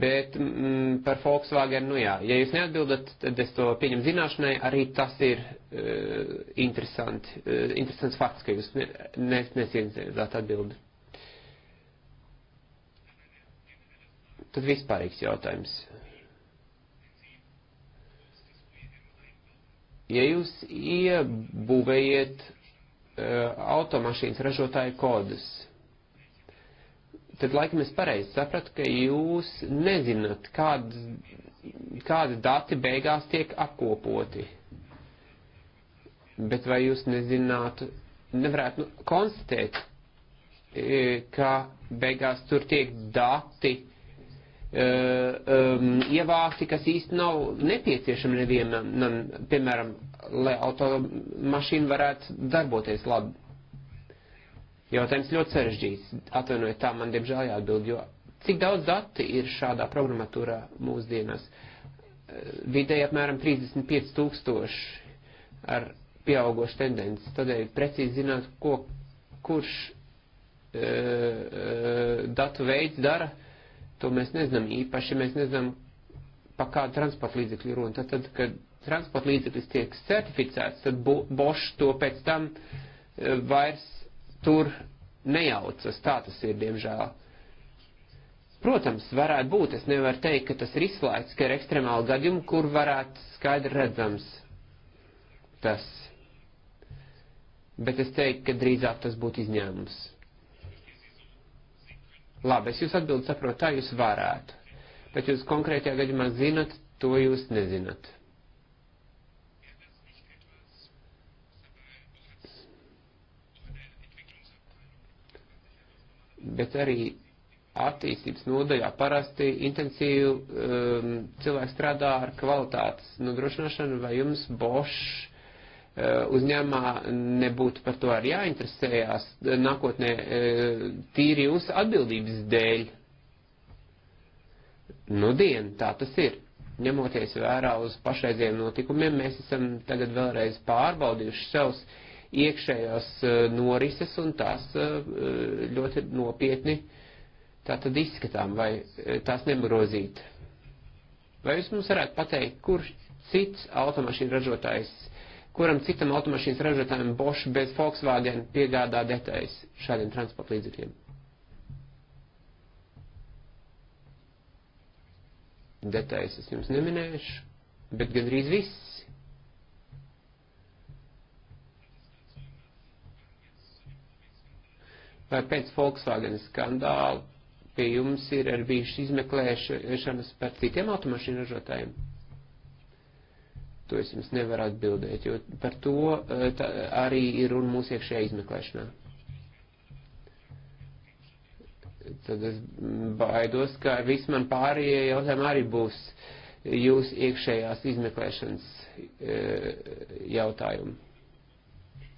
Bet mm, par Volkswagen, nu jā, ja jūs neatbildat, tad es to pieņemu zināšanai, arī tas ir uh, e, interesanti, uh, e, interesants fakts, ka jūs ne, ne, nesiedzāt atbildi. Tad vispārīgs jautājums. Ja jūs iebūvējiet E, automašīnas ražotāju kodus. Tad laikam es pareizi sapratu, ka jūs nezināt, kād, kādi dati beigās tiek apkopoti. Bet vai jūs nezinātu, nevarētu nu, konstatēt, e, ka beigās tur tiek dati um, ievākti, kas īsti nav nepieciešami nevienam, piemēram, lai automašīna varētu darboties labi. Jautājums ļoti sarežģīts. Atvainojiet, tā man diemžēl jāatbild, jo cik daudz dati ir šādā programmatūrā mūsdienās? Eh, vidēji apmēram 35 tūkstoši ar pieaugošu tendenci. Tādēļ precīzi zināt, ko, kurš e, e, datu veids dara, to mēs nezinām īpaši, mēs nezinām, pa kādu transporta līdzekļu runa. Tad, tad, kad transporta līdzeklis tiek certificēts, tad Bosch to pēc tam e, vairs tur nejaucas. Tā tas ir, diemžēl. Protams, varētu būt, es nevaru teikt, ka tas ir izslēgts, ka ir ekstremāli gadījumi, kur varētu skaidri redzams tas. Bet es teiktu, ka drīzāk tas būtu izņēmums. Labi, es jūs atbildu saprotu, tā jūs varētu bet jūs konkrētajā gadījumā zinat, to jūs nezinat. Bet arī attīstības nodaļā parasti intensīvi um, cilvēks strādā ar kvalitātes nodrošināšanu, vai jums Bosch uh, uzņēmumā nebūtu par to arī jāinteresējās nākotnē uh, tīri jūsu atbildības dēļ? Nu, dien, tā tas ir. Ņemoties vērā uz pašreiziem notikumiem, mēs esam tagad vēlreiz pārbaudījuši savus iekšējās eh, norises un tās eh, ļoti nopietni tā tad izskatām, vai eh, tās negrozīt. Vai jūs mums varētu pateikt, kurš cits automašīnu ražotājs, kuram citam automašīnas ražotājiem Bosch bez Volkswagen piegādā detaļas šādiem transporta līdzekļiem? Detaļas es jums neminēšu, bet gandrīz viss. Vai pēc Volkswagen skandāla pie jums ir arī bijuši izmeklēšanas par citiem automašīnu ražotājiem? To es jums nevaru atbildēt, jo par to eh, tā, arī ir runa mūsu iekšējā izmeklēšanā. tad es baidos, ka viss man pārējie jautājumi arī būs jūs iekšējās izmeklēšanas e, jautājumi.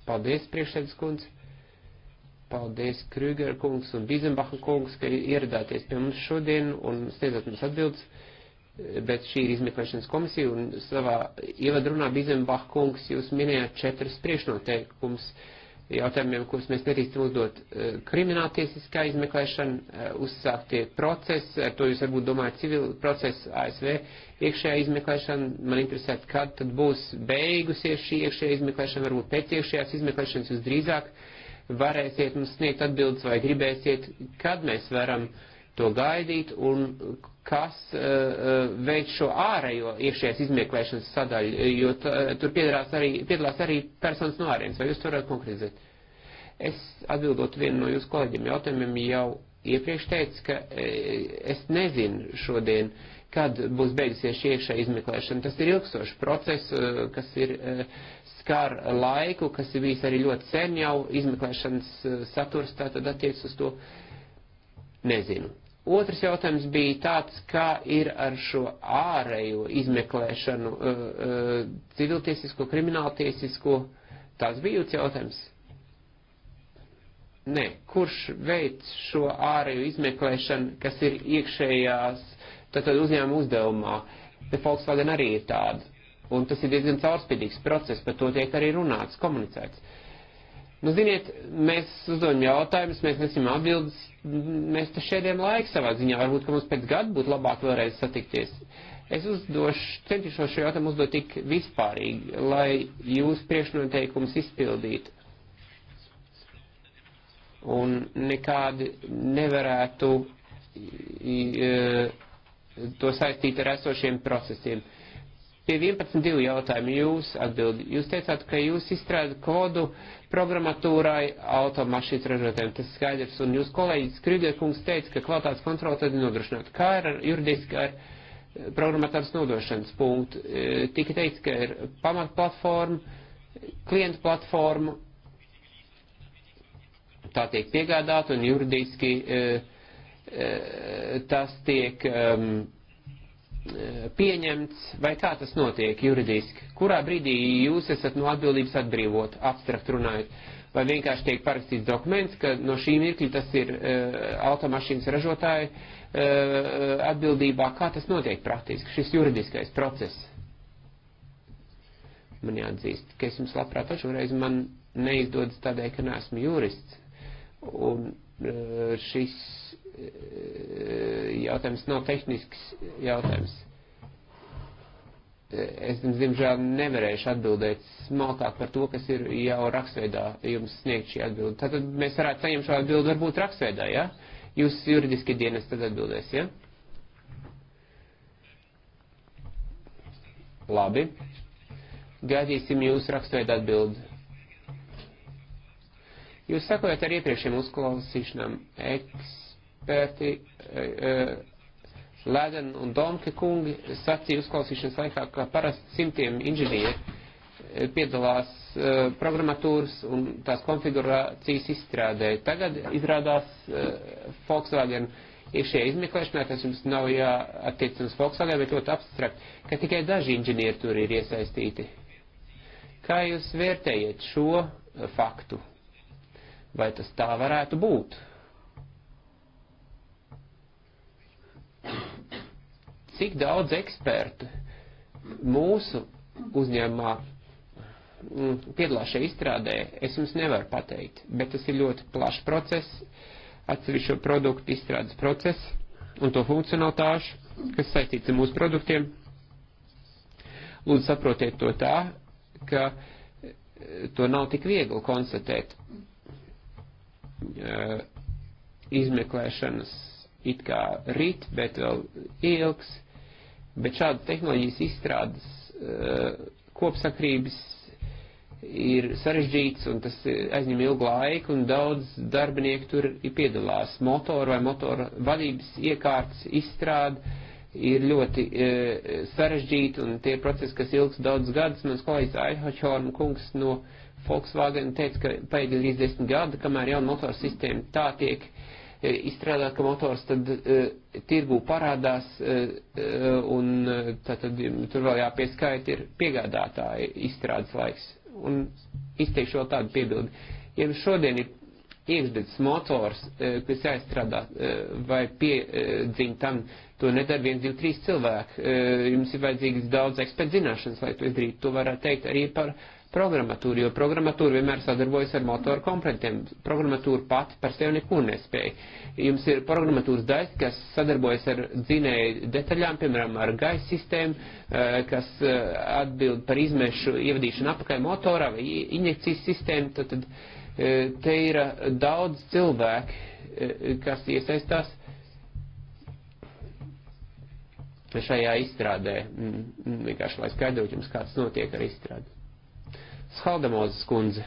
Paldies, priekšsēdus kundze. Paldies, Krüger kungs un Bizenbacha kungs, ka ieradāties pie mums šodien un sniedzat mums atbildes. Bet šī ir izmeklēšanas komisija un savā ievadrunā Bizenbacha kungs jūs minējāt četras priekšnoteikumus. E, jautājumiem, kurus mēs nedrīkstam uzdot. Eh, Krimināltiesiskā izmeklēšana, eh, uzsāktie procesi, ar eh, to jūs varbūt domājat civilu procesu ASV, iekšējā izmeklēšana, man interesē, kad tad būs beigusies šī iekšējā izmeklēšana, varbūt pēc iekšējās izmeklēšanas jūs drīzāk varēsiet mums sniegt atbildes vai gribēsiet, kad mēs varam to gaidīt un kas uh, veic šo ārējo iekšējās izmeklēšanas sadaļu, eh, jo t, tur piedalās arī, piedalās arī personas no ārienes. Vai jūs to varat konkrētizēt? Es atbildot vienu no jūsu kolēģiem jautājumiem jau iepriekš teicu, ka uh, es nezinu šodien, kad būs beigusies šī iekšējā izmeklēšana. Tas ir ilgstošs process, uh, kas ir skar laiku, kas ir bijis arī ļoti sen jau izmeklēšanas saturs, tātad attiec uz to nezinu Otrs jautājums bija tāds, kā ir ar šo ārējo izmeklēšanu, uh, uh, civiltiesisko, krimināltiesisko. Tas bija jūtas jautājums. Nē, kurš veids šo ārējo izmeklēšanu, kas ir iekšējās, tātad uzņēmuma uzdevumā? Te Volkswagen arī ir tāda. Un tas ir diezgan caurspīdīgs process, par to tiek arī runāts, komunicēts. Uh, Nu, ziniet, mēs uzdodam jautājumus, mēs nesim atbildes, mēs te šēdiem laiku savā ziņā, varbūt, ka mums pēc gada būtu labāk vēlreiz satikties. Es uzdošu, centīšos šo jautājumu uzdot tik vispārīgi, lai jūs priekšnoteikums izpildītu. Un nekādi nevarētu e, to saistīt ar esošiem procesiem. Pie 11.2 jautājumu jūs atbildi. Jūs teicāt, ka jūs izstrādat kodu programmatūrai, automašīnas ražotājiem. Tas skaidrs. Un jūs kolēģis Krīdiekungs teica, ka kvalitātes kontrola tad ir nodrošināta. Kā ir ar, juridiski ar eh, programmatūras nodošanas punktu? Eh, tika teikt, ka ir pamatplatforma, klientu platforma, tā tiek piegādāta un juridiski eh, tas tiek. Um, Eh, pieņemts, vai kā tas notiek juridiski? Kurā brīdī jūs esat no atbildības atbrīvot, abstrakt runājot? Vai vienkārši tiek parakstīts dokuments, ka no šī mirkļa tas ir uh, automašīnas ražotāja uh, atbildībā? Kā tas notiek praktiski, šis juridiskais process? Man jāatzīst, ka es jums labprāt taču reiz man neizdodas tādēļ, ka neesmu jurists. Un uh, šis jautājums nav tehnisks jautājums. Es, diemžēl, nevarēšu atbildēt smalkāk par to, kas ir jau rakstveidā jums sniegt šī atbilde. Tātad mēs varētu saņemt šo atbildi varbūt rakstveidā, ja? Jūs juridiski dienas tad atbildēs, ja? Labi. Gaidīsim jūs rakstveidā atbildi. Jūs sakojat ar iepriekšējiem uzklausīšanām, eks eksperti eh, eh, Lēden un Domke kungi sacīja uzklausīšanas laikā, ka parasti simtiem inženieru eh, piedalās programmatūras un tās konfigurācijas izstrādē. Tagad izrādās Volkswagen iekšējā izmeklēšanā, tas jums nav jāattiecams Volkswagen, bet ļoti abstrakt, ka tikai daži inženieri tur ir iesaistīti. Kā jūs vērtējat šo faktu? Vai tas tā varētu būt? Cik daudz ekspertu mūsu uzņēmumā mm, piedalās šajā izstrādē, es jums nevaru pateikt, bet tas ir ļoti plašs process, atsevišķo produktu izstrādes process un to funkcionalitāšu, kas saistīts ar mūsu produktiem. Lūdzu, saprotiet to tā, ka eh, to nav tik viegli konstatēt eh, izmeklēšanas it kā rit, bet vēl ilgs, bet šāda tehnoloģijas izstrādes uh, kopsakrības ir sarežģīts un tas eh, aizņem ilgu laiku un daudz darbinieku tur ir piedalās. Motoru vai motoru vadības iekārtas izstrāde ir ļoti e, uh, sarežģīti un tie procesi, kas ilgs daudz gadus. Mans kolēģis Aihočorn kungs no Volkswagen teica, ka paiet gandrīz desmit gadi, kamēr jauna motorsistēma tā tiek E, izstrādāt, ka motors tad e, tirgū parādās e, un tātad tur vēl jāpieskaita ir piegādātāja izstrādes laiks. Un izteikšu vēl tādu piebildi. Ja nu šodien ir iekšdedzis motors, kas jāizstrādā vai piedziņ tam, to nedara viens, divi, trīs cilvēki. Jums ir vajadzīgas daudz eksperta zināšanas, lai to izdarītu. To varētu teikt arī par programmatūru, jo programmatūra vienmēr sadarbojas ar motoru komponentiem. Programmatūra pati par sevi neko nespēja. Jums ir programmatūras daļa, kas sadarbojas ar dzinēju detaļām, piemēram, ar gaisa sistēmu, eh, kas eh, atbild par izmešu ievadīšanu apakai motorā vai injekcijas sistēmu. Tad, tad eh, te ir daudz cilvēku, kas iesaistās. šajā izstrādē, mm, mm, vienkārši lai skaidrotu jums, kāds notiek ar izstrādi. Schaldemozes kundze.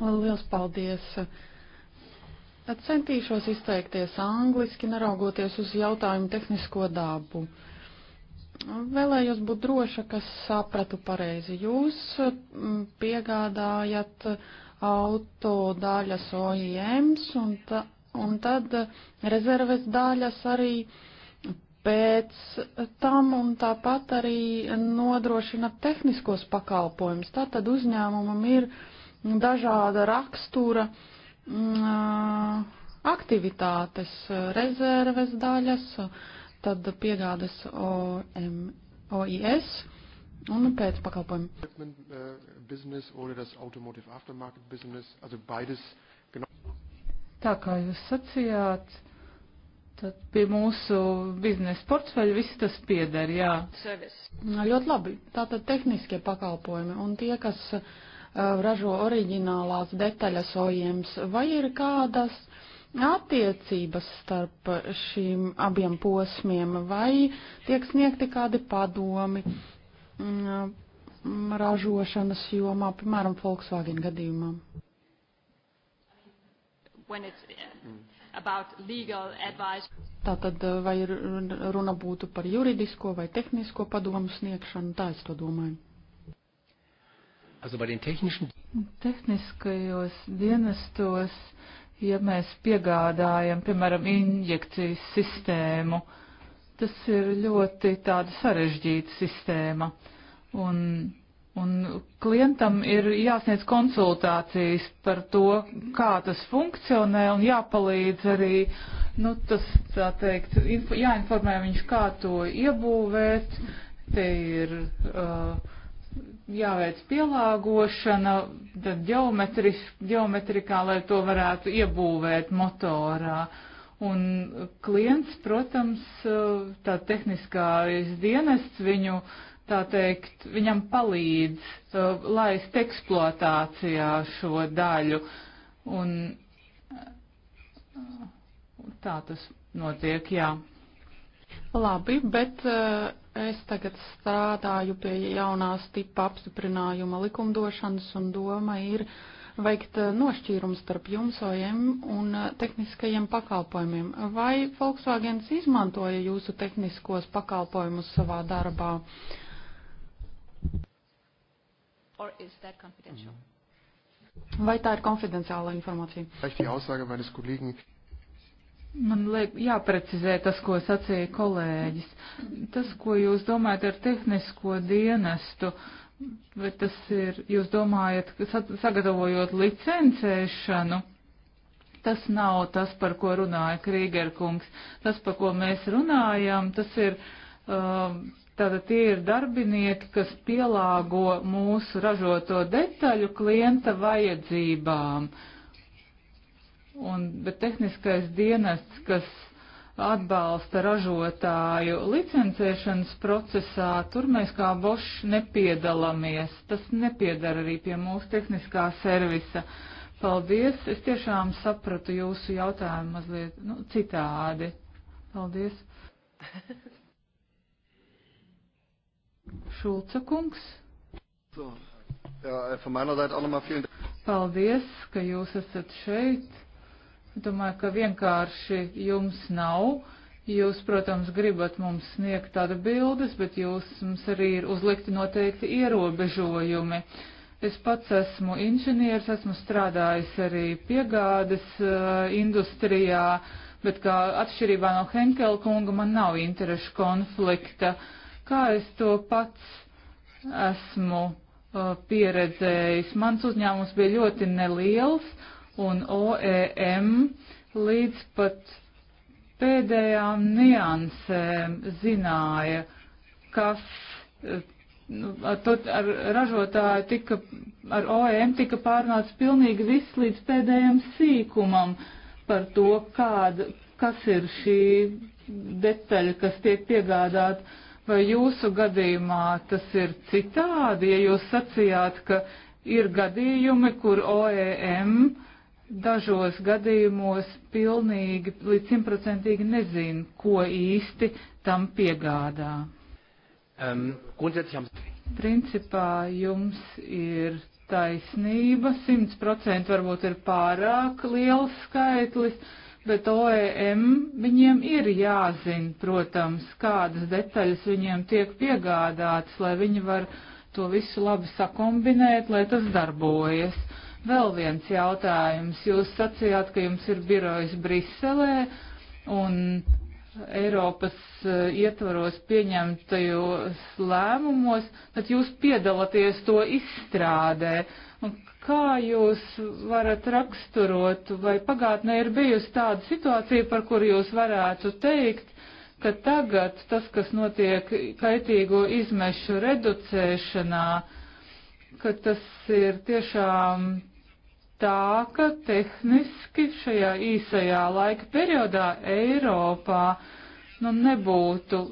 Lielas paldies! Tad centīšos izteikties angliski, neraugoties uz jautājumu tehnisko dabu. Vēlējos būt droša, ka sapratu pareizi. Jūs mm, piegādājat auto daļas OIMs un, ta, un tad rezerves daļas arī uh, pēc tam un tāpat arī nodrošina tehniskos pakalpojumus. Tātad uzņēmumam ir dažāda rakstura mm, aktivitātes, rezerves daļas, tad piegādes OM, OIS un pēcpakalpojumi. Tā kā jūs sacījāt, Tad pie mūsu biznesa portfeļa viss tas pieder, jā. Service. Nu, ļoti labi. Tātad tehniskie pakalpojumi un tie, kas uh, ražo oriģinālās detaļas OIMs, vai ir kādas attiecības starp šīm abiem posmiem, vai tiek sniegti kādi padomi mm, ražošanas jomā, piemēram, Volkswagen gadījumā? When it's, yeah. mm Tātad, eh, vai runa būtu par juridisko vai tehnisko padomu sniegšanu, tā es to domāju. Also bei den technischen Tehniskajos dienestos, ja mēs piegādājam, piemēram, injekcijas sistēmu, tas ir ļoti tāda sarežģīta sistēma. Un Un klientam ir jāsniedz konsultācijas par to, kā tas funkcionē un jāpalīdz arī, nu, tas, tā teikt, info, jāinformē viņš, kā to iebūvēt. Te ir uh, jāveic pielāgošana, tad ģeometrikā, lai to varētu iebūvēt motorā. Un klients, protams, uh, tā tehniskais dienests viņu uh, tā teikt, viņam palīdz uh, laist eksploatācijā šo daļu. Un uh, tā tas notiek, jā. Labi, bet uh, es tagad strādāju pie jaunās tipa apstiprinājuma likumdošanas un doma ir veikt eh, nošķīrumu starp jumsojiem un eh, tehniskajiem pakalpojumiem. Vai Volkswagens izmantoja jūsu tehniskos pakalpojumus savā darbā? Uh, or is that confidential? Mhm. Vai tā ir konfidenciāla informācija? Man liek, jāprecizē tas, ko sacīja kolēģis. Tas, ko jūs domājat ar tehnisko dienestu, vai tas ir, jūs domājat, sagatavojot licencēšanu? Tas nav tas, par ko runāja Krīgerkungs. Tas, par ko mēs runājam, tas ir. Uh, um, Tātad tie ir darbinieki, kas pielāgo mūsu ražoto detaļu klienta vajadzībām. Un, bet tehniskais dienests, kas atbalsta ražotāju licencēšanas procesā, tur mēs kā bošs nepiedalāmies. Tas nepiedara arī pie mūsu tehniskā servisa. Paldies, es tiešām sapratu jūsu jautājumu mazliet nu, citādi. Paldies. <laughs> Šulca kungs. Paldies, ka jūs esat šeit. Domāju, ka vienkārši jums nav. Jūs, protams, gribat mums sniegt tādu bildes, bet jūs mums arī ir uzlikti noteikti ierobežojumi. Es pats esmu inženieris, esmu strādājis arī piegādes uh, industrijā, bet kā atšķirībā no Henkela kunga man nav interešu konflikta. Uh, kā es to pats esmu uh, pieredzējis. Mans uzņēmums bija ļoti neliels un OEM līdz pat pēdējām niansēm zināja, kas uh, Tad ar ražotāju tika, ar OEM tika pārnāts pilnīgi viss līdz pēdējiem sīkumam par to, kāda, kas ir šī detaļa, kas tiek piegādāta Vai jūsu gadījumā tas ir citādi, ja jūs sacījāt, ka ir gadījumi, kur OEM dažos gadījumos pilnīgi līdz simtprocentīgi nezina, ko īsti tam piegādā? Um, Principā jums ir taisnība, 100% varbūt ir pārāk liels skaitlis bet OEM viņiem ir jāzina, protams, kādas detaļas viņiem tiek piegādātas, lai viņi var to visu labi sakombinēt, lai tas darbojas. Vēl viens jautājums. Jūs sacījāt, ka jums ir birojas Briselē un Eiropas uh, ietvaros pieņemtajos lēmumos, tad jūs piedalāties to izstrādē. Un Kā jūs varat raksturot, vai pagātnē ir bijusi tāda situācija, par kuru jūs varētu teikt, ka tagad tas, kas notiek kaitīgo izmešu reducēšanā, ka tas ir tiešām tā, ka tehniski šajā īsajā laika periodā Eiropā nu, nebūtu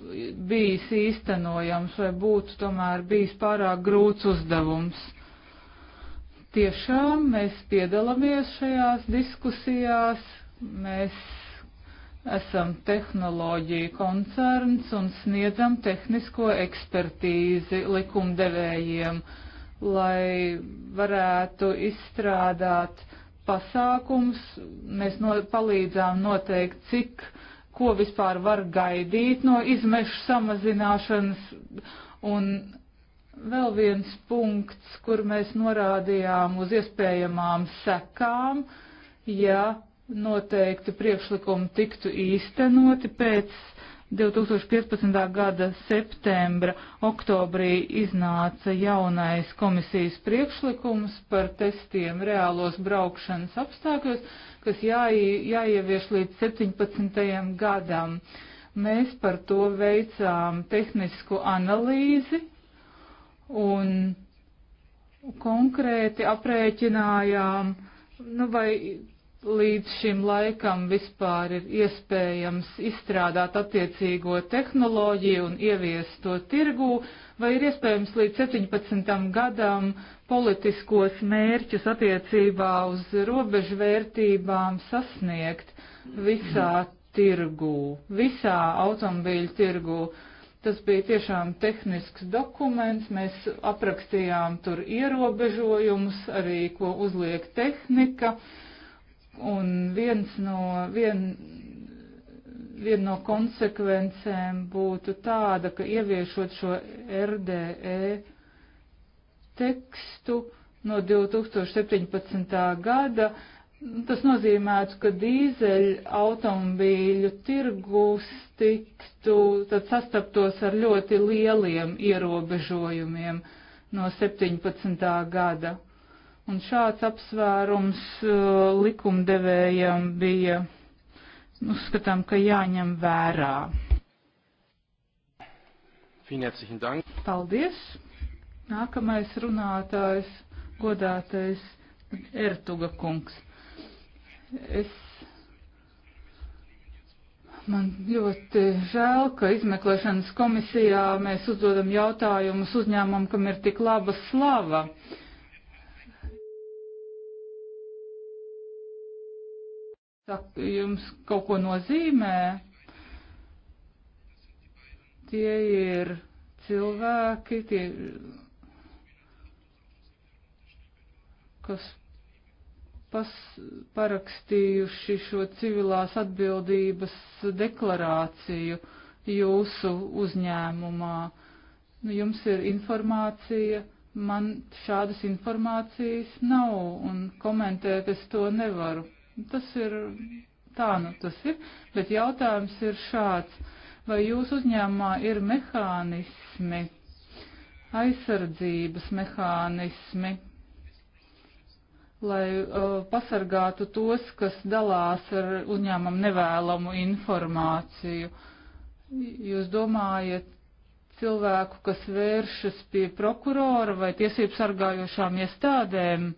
bijis īstenojams vai būtu tomēr bijis pārāk grūts uzdevums tiešām mēs piedalāmies šajās diskusijās, mēs esam tehnoloģija koncerns un sniedzam tehnisko ekspertīzi likumdevējiem, lai varētu izstrādāt pasākums. Mēs no, palīdzām noteikt, cik, ko vispār var gaidīt no izmešu samazināšanas un vēl viens punkts, kur mēs norādījām uz iespējamām sekām, ja noteikti priekšlikumi tiktu īstenoti pēc 2015. gada septembra, oktobrī iznāca jaunais komisijas priekšlikums par testiem reālos braukšanas apstākļos, kas jāie, jāievieš līdz 17. gadam. Mēs par to veicām tehnisku analīzi un konkrēti aprēķinājām, nu vai līdz šim laikam vispār ir iespējams izstrādāt attiecīgo tehnoloģiju un ieviest to tirgū, vai ir iespējams līdz 17. gadam politiskos mērķus attiecībā uz robežvērtībām sasniegt visā tirgū, visā automobīļu tirgū. Tas bija tiešām tehnisks dokuments, mēs aprakstījām tur ierobežojumus, arī ko uzliek tehnika. Un viens no, vien, viena no konsekvencēm būtu tāda, ka ieviešot šo RDE tekstu no 2017. gada, Tas nozīmētu, ka dīzeļa automobīļu tirgus tiktu, tad sastaptos ar ļoti lieliem ierobežojumiem no 17. gada. Un šāds apsvērums uh, likumdevējiem bija, nu, uzskatām, ka jāņem vērā. Paldies! Nākamais runātājs, godātais Ertuga kungs. Es Man ļoti žēl, ka izmeklēšanas komisijā mēs uzdodam jautājumus uzņēmumam, kam ir tik laba slava. Saka, jums kaut ko nozīmē? Tie ir cilvēki, tie, kas pas, parakstījuši šo civilās atbildības deklarāciju jūsu uzņēmumā. Nu, jums ir informācija, man šādas informācijas nav un komentēt es to nevaru. Tas ir tā, nu tas ir, bet jautājums ir šāds. Vai jūsu uzņēmumā ir mehānismi, aizsardzības mehānismi, lai uh, pasargātu tos, kas dalās ar uzņēmumu nevēlamu informāciju. Jūs domājat, cilvēku, kas vēršas pie prokurora vai tiesību sargājošām iestādēm,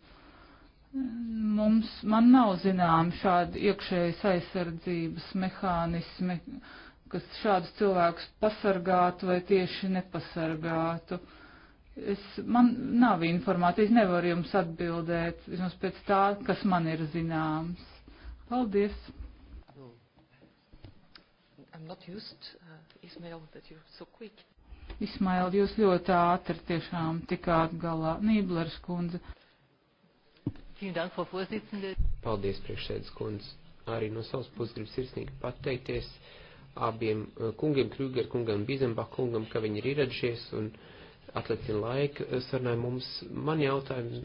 mums, man nav zinām šādi iekšējas aizsardzības mehānismi, kas šādus cilvēkus pasargātu vai tieši nepasargātu. Uh, Es, man nav informācijas, nevaru jums atbildēt, vismaz pēc tā, kas man ir zināms. Paldies! Used, uh, Ismail, so Ismail, jūs ļoti ātri tiešām tikāt galā. Nīblers kundze. Paldies, priekšsēdus kundze. Arī no savas puses gribu sirsnīgi pateikties abiem uh, kungiem, Krüger kungam un Bizenbach kungam, ka viņi ir ieradušies un uh, atlikt laika eh, sarunai mums. Man jautājums,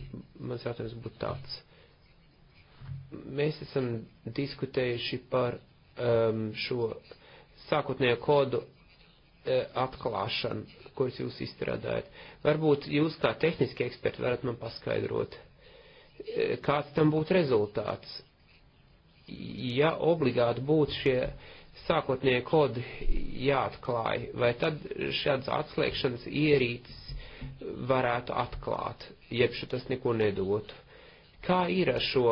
mans jautājums būtu tāds. Mēs esam diskutējuši par um, šo sākotnējo kodu eh, atklāšanu, kuras jūs izstrādājat. Varbūt jūs kā tehniski eksperti varat man paskaidrot, eh, kāds tam būtu rezultāts. Ja obligāti būtu šie sākotnie kodi jāatklāj, vai tad šāds atslēgšanas ierītis varētu atklāt, jeb tas neko nedotu. Kā ir ar šo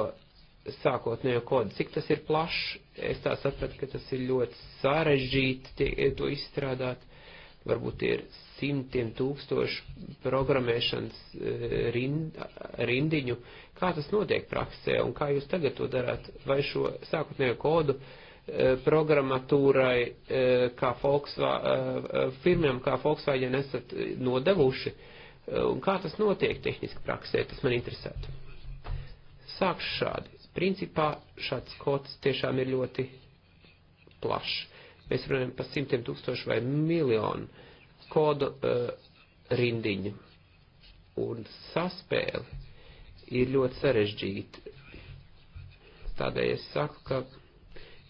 sākotnējo kodu, cik tas ir plašs, es tā sapratu, ka tas ir ļoti sarežģīti to izstrādāt, varbūt ir simtiem tūkstošu programmēšanas e, rind, rindiņu, kā tas notiek praksē un kā jūs tagad to darāt, vai šo sākotnējo kodu uh, Eh, programmatūrai, eh, kā Volkswagen, eh, firmiem kā Volkswagen esat nodevuši, un kā tas notiek tehniski praksē, tas man interesētu. Sākšu šādi. Principā šāds kods tiešām ir ļoti plašs. Mēs runājam par simtiem tūkstošu vai miljonu kodu uh, rindiņu. Un saspēle ir ļoti sarežģīta. Tādēļ es saku, ka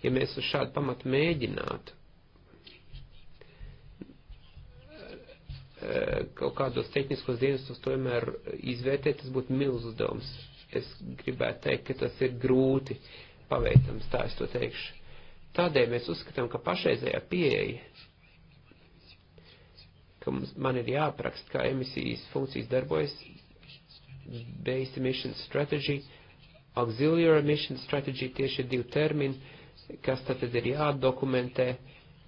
ja mēs uz šādu pamatu mēģinātu eh, kaut kādos tehniskos dienestos tomēr izvērtēt, tas būtu milz uzdevums. Es gribētu teikt, ka tas ir grūti paveicams, tā es to teikšu. Tādēļ mēs uzskatām, ka pašreizējā pieeja, ka mums, man ir jāaprakst, kā emisijas funkcijas darbojas, based emission strategy, auxiliary emission strategy, tieši ir divi termini, kas tad ir jādokumentē,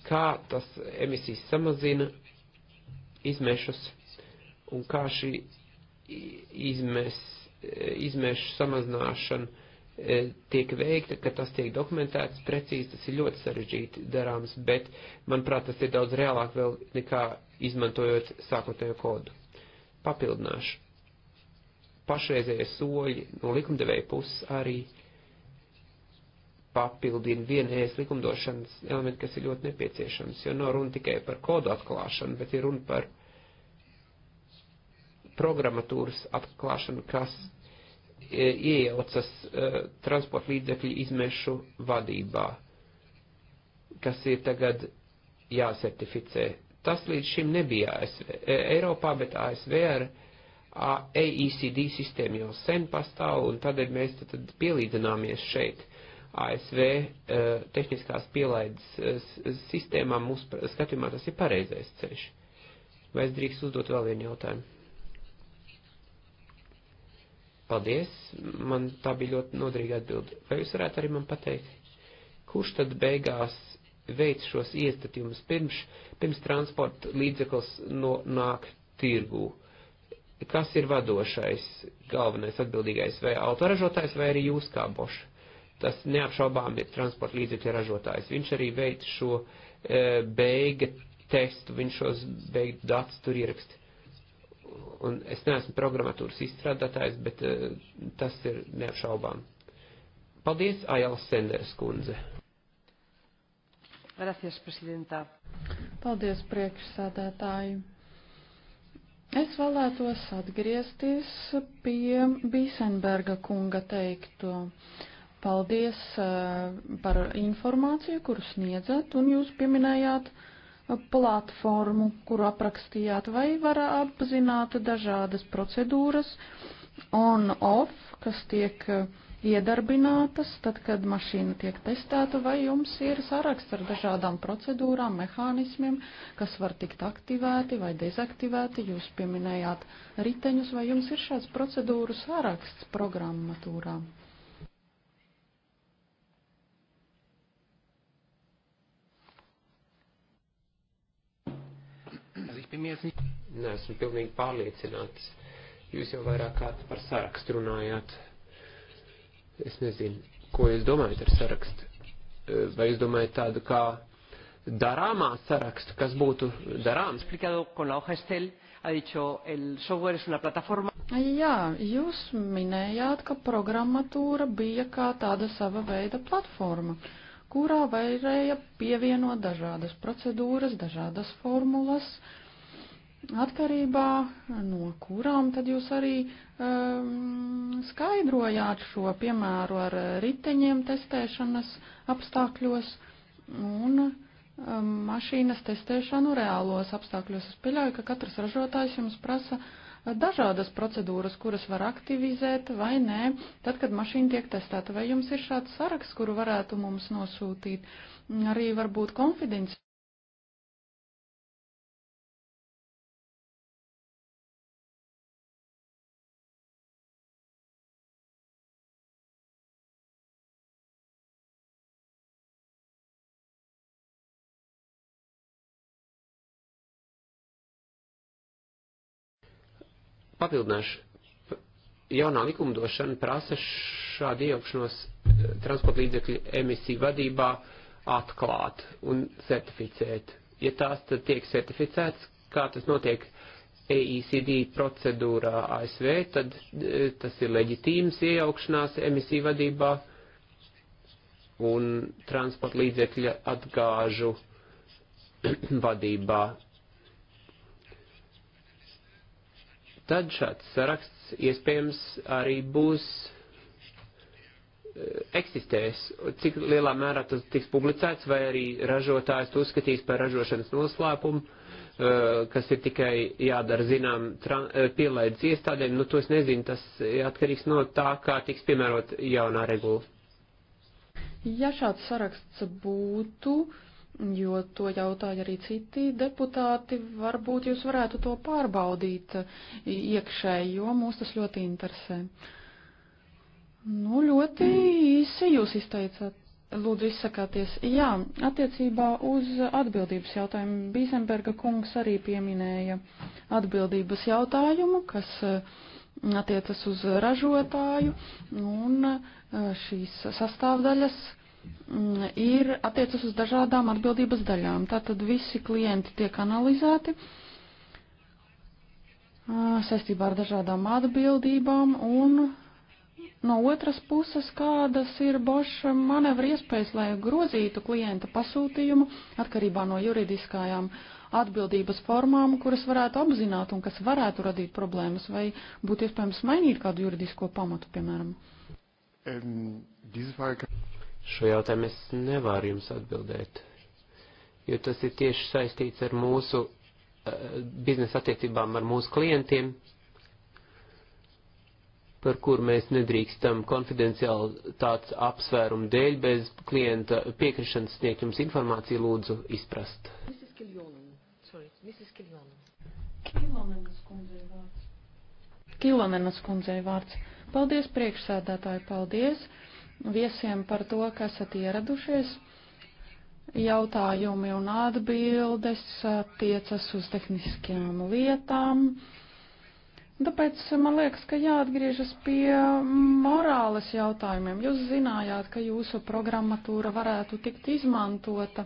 kā tas emisijas samazina izmešus un kā šī izmes, izmešu samazināšana e, tiek veikta, ka tas tiek dokumentēts precīzi, tas ir ļoti sarežģīti darāms, bet, manuprāt, tas ir daudz reālāk vēl nekā izmantojot sākotnējo kodu. Papildināšu. Pašreizējie soļi no likumdevēja puses arī uh, papildina vienu ēs likumdošanas elementu, kas ir ļoti nepieciešams, jo nav runa tikai par kodu atklāšanu, bet ir runa par programmatūras atklāšanu, kas e, iejaucas uh, transporta līdzekļu izmešu vadībā, kas ir tagad jāsertificē. Tas līdz šim nebija ASV, e, Eiropā, bet ASV ar AECD sistēmu jau sen pastāv, un tādēļ mēs tad pielīdzināmies šeit. ASV uh, eh, tehniskās pielaides uh, eh, eh, sistēmām mūsu skatījumā tas ir pareizais ceļš. Vai es drīkst uzdot vēl vienu jautājumu? Paldies, man tā bija ļoti nodrīga atbilde. Vai jūs varētu arī man pateikt, kurš tad beigās veids šos iestatījumus pirms, pirms transporta līdzeklis nonāk tirgū? Kas ir vadošais, galvenais atbildīgais, vai autoražotājs, vai arī jūs kā boši? tas neapšaubām ir transporta līdzekļa ražotājs. Viņš arī veic šo e, beiga testu, viņš šos beigu datus tur ieraksta. Un es neesmu programmatūras izstrādātājs, bet e, tas ir neapšaubām. Paldies, Ajala Senders kundze. Gracias, presidentā. Paldies, priekšsādātāji. Es vēlētos atgriezties pie Bīsenberga kunga teikto. Uh, Paldies eh, par informāciju, kuru sniedzat, un jūs pieminējāt eh, platformu, kuru aprakstījāt, vai var apzināt dažādas procedūras on-off, kas tiek eh, iedarbinātas, tad, kad mašīna tiek testēta, vai jums ir saraksts ar dažādām procedūrām, mehānismiem, kas var tikt aktivēti vai dezaktivēti. Jūs pieminējāt riteņus, vai jums ir šāds procedūru saraksts programmatūrā? Also ich bin mir jetzt nicht. Nē, esmu pilnīgi pārliecināts. Jūs jau vairāk kārt par sarakstu runājāt. Es nezinu, ko jūs domājat ar sarakstu. Eh, vai jūs domājat tādu kā darāmā sarakstu, kas būtu darāms? Jā, jūs minējāt, ka programmatūra bija kā tāda sava veida platforma kurā varēja pievienot dažādas procedūras, dažādas formulas, uh, atkarībā no kurām tad jūs arī um, skaidrojāt šo piemēru ar riteņiem testēšanas apstākļos un um, mašīnas testēšanu reālos apstākļos. Es pieļauju, ka katrs ražotājs jums prasa dažādas procedūras, kuras var aktivizēt vai nē, tad, kad mašīna tiek testēta. Vai jums ir šāds saraksts, kuru varētu mums nosūtīt? Arī varbūt konfidenci papildināšu. Jaunā likumdošana prasa šādu iejaukšanos eh, transporta līdzekļu emisiju vadībā atklāt un certificēt. Ja tās tad tiek certificēts, kā tas notiek EICD procedūrā ASV, tad eh, tas ir leģitīms iejaukšanās emisiju vadībā un transporta līdzekļa atgāžu <clears throat> vadībā tad šāds saraksts iespējams arī būs eh, eksistēs, cik lielā mērā tas tiks publicēts, vai arī ražotājs to uzskatīs par ražošanas noslēpumu, eh, kas ir tikai jādara zinām eh, pielaides iestādēm, nu to es nezinu, tas atkarīgs no tā, kā tiks piemērot jaunā regula. Ja šāds saraksts būtu, uh, jo to jautāja arī citi deputāti. Varbūt jūs varētu to pārbaudīt iekšēji, jo mūs tas ļoti interesē. Nu, ļoti īsi jūs izteicāt. Lūdzu, izsakāties. Jā, attiecībā uz atbildības jautājumu Bīzenberga kungs arī pieminēja atbildības jautājumu, kas uh, attiecas uz ražotāju un uh, šīs sastāvdaļas, Mm, ir attiecas uz dažādām atbildības daļām. Tātad visi klienti tiek analizēti saistībā ar dažādām atbildībām un no otras puses, kādas ir Boša manevra iespējas, lai grozītu klienta pasūtījumu atkarībā no juridiskajām atbildības formām, kuras varētu apzināt un kas varētu radīt problēmas, vai būtu iespējams mainīt kādu juridisko pamatu, piemēram? Um, Šo jautājumu es nevaru jums atbildēt, jo tas ir tieši saistīts ar mūsu eh, biznesa attiecībām ar mūsu klientiem, par kur mēs nedrīkstam konfidenciāli tāds apsvērumu dēļ bez klienta piekrišanas sniegt jums informāciju, lūdzu izprast. Kilonenas kundzei vārds. Paldies priekšsēdētāji, paldies viesiem par to, ka esat ieradušies. Jautājumi un atbildes attiecas uz tehniskajām lietām. Tāpēc man liekas, ka jāatgriežas pie morāles jautājumiem. Jūs zinājāt, ka jūsu programmatūra varētu tikt izmantota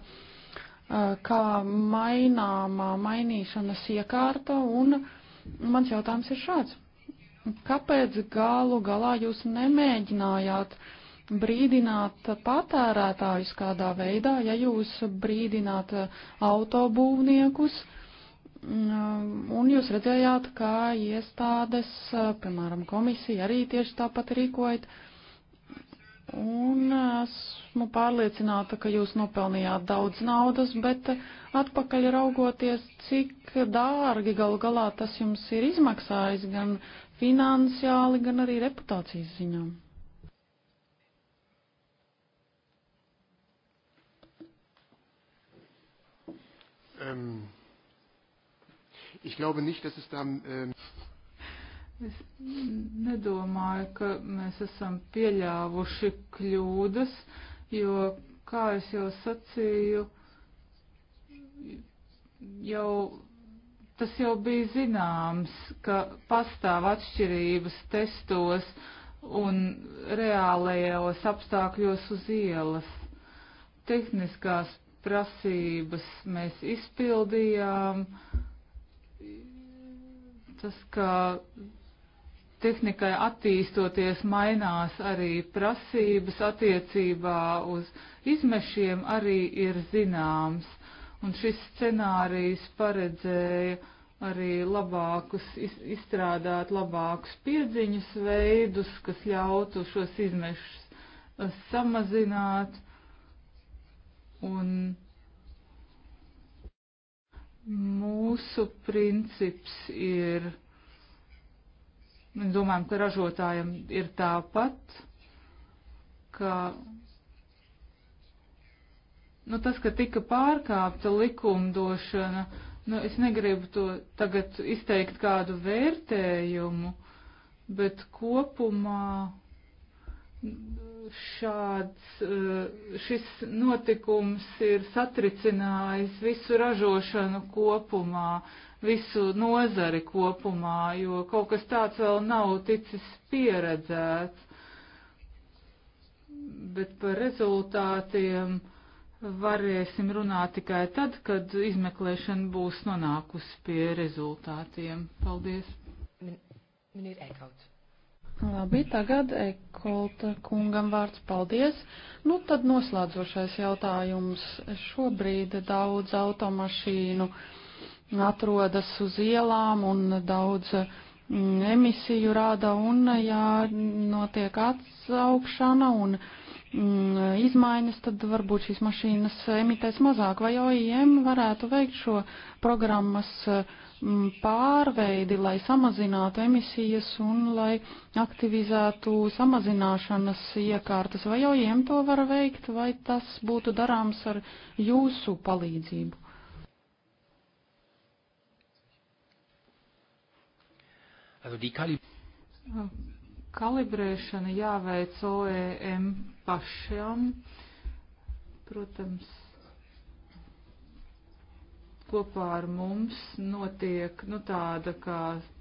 kā maināmā mainīšanas iekārta, un mans jautājums ir šāds. Kāpēc galu galā jūs nemēģinājāt uh, brīdināt patērētājus kādā veidā, ja jūs brīdināt autobūvniekus, mm, un jūs redzējāt, kā iestādes, piemēram, komisija arī tieši tāpat rīkojat, un esmu pārliecināta, ka jūs nopelnījāt daudz naudas, bet atpakaļ raugoties, cik dārgi galu galā tas jums ir izmaksājis gan finansiāli, gan arī reputācijas ziņām. Ähm, ich glaube nicht, dass es da. Ähm es nedomāju, ka mēs esam pieļāvuši kļūdas, jo, kā es jau sacīju, jau tas jau bija zināms, ka pastāv atšķirības testos un reālajos apstākļos uz ielas. Tehniskās prasības mēs izpildījām. Tas, ka tehnikai attīstoties, mainās arī prasības attiecībā uz izmešiem, arī ir zināms. Un šis scenārijs paredzēja arī labākus, izstrādāt labākus piedziņas veidus, kas ļautu šos izmešus eh, samazināt. Mūsu princips ir, mēs domājam, ka ražotājiem ir tāpat, ka nu, tas, ka tika pārkāpta likumdošana, nu, es negribu to tagad izteikt kādu vērtējumu, bet kopumā šāds, eh, šis notikums ir satricinājis visu ražošanu kopumā, visu nozari kopumā, jo kaut kas tāds vēl nav ticis pieredzēts. Bet par rezultātiem varēsim runāt tikai tad, kad izmeklēšana būs nonākusi pie rezultātiem. Paldies! Min, min ir ekaut. Labi, tagad Ekolta kungam vārds paldies. Nu, tad noslēdzošais jautājums. Šobrīd daudz automašīnu atrodas uz ielām un daudz mm, emisiju rāda un jānotiek atsaukšana un mm, izmaiņas, tad varbūt šīs mašīnas emitēs mazāk, vai OIM varētu veikt šo programmas uh, Mm, pārveidi, lai samazinātu emisijas un lai aktivizētu samazināšanas iekārtas. Vai jau jiem to var veikt, vai tas būtu darāms ar jūsu palīdzību? Kalibrēšana jāveic OEM pašam. Protams, kopā ar mums notiek nu, tāda kā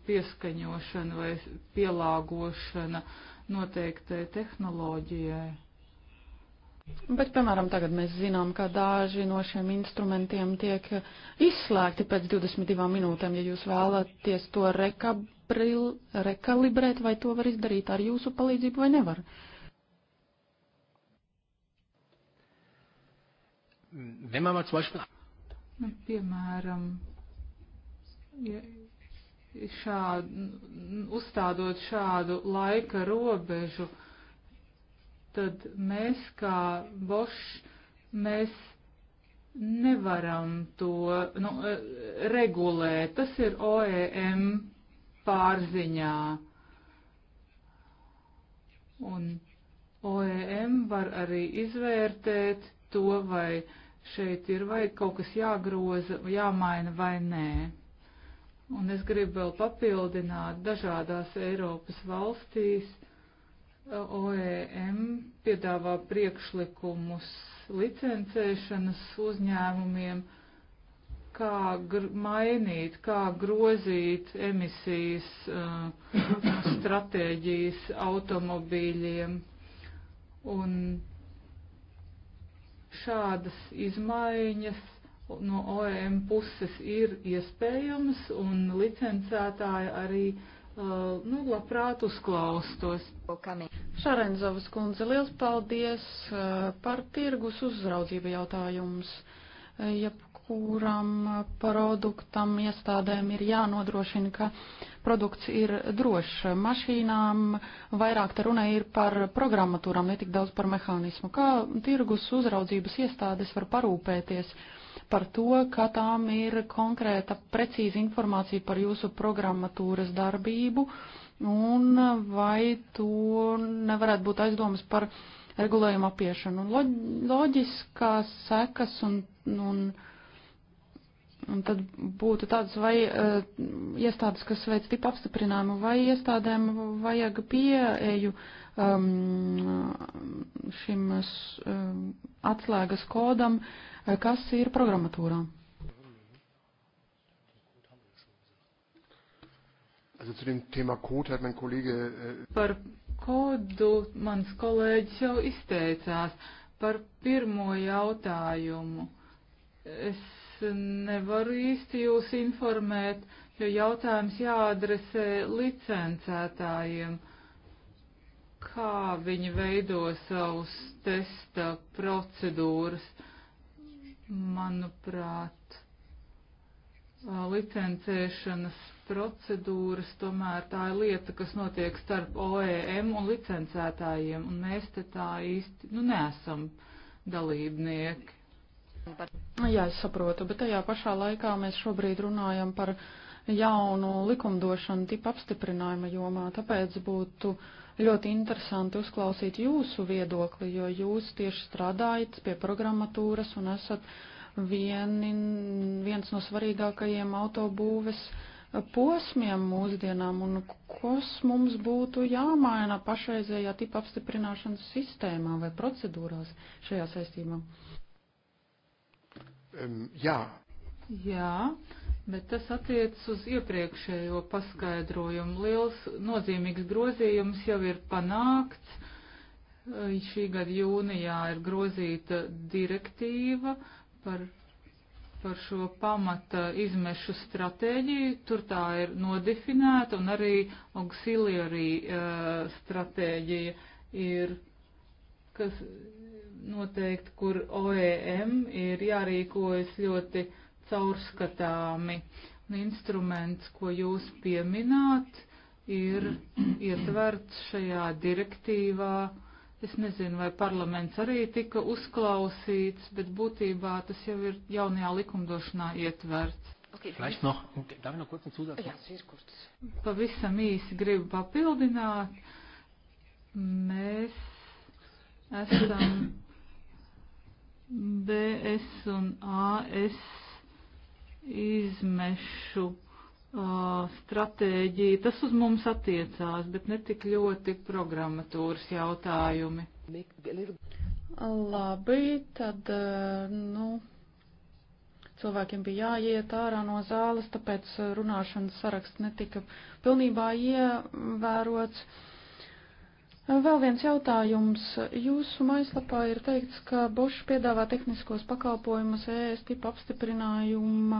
pieskaņošana vai pielāgošana noteiktai tehnoloģijai. Bet, piemēram, tagad mēs zinām, ka daži no šiem instrumentiem tiek izslēgti pēc 22 minūtēm. Ja jūs vēlaties to rekabril, rekalibrēt, vai to var izdarīt ar jūsu palīdzību vai nevar? Wenn man mal zum Beispiel Nu, piemēram, ja šādu, uzstādot šādu laika robežu, tad mēs kā bošs, mēs nevaram to nu, regulēt. Tas ir OEM pārziņā. Un OEM var arī izvērtēt to, vai uh, šeit ir vai kaut kas jāgroza, jāmaina vai nē. Un es gribu vēl papildināt dažādās Eiropas valstīs. OEM piedāvā priekšlikumus licencēšanas uzņēmumiem, kā mainīt, kā grozīt emisijas uh, <coughs> stratēģijas automobīļiem. Un šādas izmaiņas no OEM puses ir iespējamas un licencētāji arī uh, nu, labprāt uzklaustos. Šarenzovas kundze, liels paldies uh, par tirgus uzraudzību jautājumus. Uh, ja kuram eh, produktam iestādēm ir jānodrošina, ka produkts ir drošs. Mašīnām vairāk te runa ir par programmatūram, ne tik daudz par mehānismu. Kā tirgus uzraudzības iestādes var parūpēties par to, ka tām ir konkrēta precīza informācija par jūsu programmatūras darbību un vai to nevarētu būt aizdomas par regulējumu apiešanu. Loģiskās sekas un, un Un tad būtu tādas vai uh, iestādes, kas veic tipu apstiprinājumu, vai iestādēm vajag pieeju um, šim um, atslēgas kodam, eh, kas ir programmatūrā. Äh, par kodu mans kolēģis jau izteicās par pirmo jautājumu. Es nevaru īsti jūs informēt, jo jautājums jāadresē licencētājiem, kā viņi veido savus testa procedūras. Manuprāt, licencēšanas procedūras, tomēr tā ir lieta, kas notiek starp OEM un licencētājiem, un mēs te tā īsti, nu, nesam dalībnieki. Jā, es saprotu, bet tajā pašā laikā mēs šobrīd runājam par jaunu likumdošanu tipu apstiprinājuma jomā, tāpēc būtu ļoti interesanti uzklausīt jūsu viedokli, jo jūs tieši strādājat pie programmatūras un esat vieni, viens no svarīgākajiem autobūves posmiem mūsdienām un kas mums būtu jāmaina pašreizējā tipa apstiprināšanas sistēmā vai procedūrās šajā saistībā um, jā. Jā, bet tas attiecas uz iepriekšējo paskaidrojumu. Liels nozīmīgs grozījums jau ir panākts. Šī gada jūnijā ir grozīta direktīva par, par šo pamata izmešu stratēģiju. Tur tā ir nodefinēta un arī auxiliary uh, stratēģija ir, kas noteikti, kur OEM ir jārīkojas ļoti caurskatāmi. Un instruments, ko jūs piemināt, ir ietverts šajā direktīvā. Es nezinu, vai parlaments arī tika uzklausīts, bet būtībā tas jau ir jaunajā likumdošanā ietverts. Okay. Vielleicht noch, darf ich noch kurz einen Zusatz machen? Oh ja, sehr kurz. Pavisam īsi gribu papildināt. Mēs esam BS un AS izmešu uh, stratēģija, tas uz mums attiecās, bet ne tik ļoti programmatūras jautājumi. Labi, tad, nu, cilvēkiem bija jāiet ārā no zāles, tāpēc runāšanas saraksts netika pilnībā ievērots. Vēl viens jautājums. Jūsu mājaslapā ir teikts, ka Bošs piedāvā tehniskos pakalpojumus ES tipa apstiprinājuma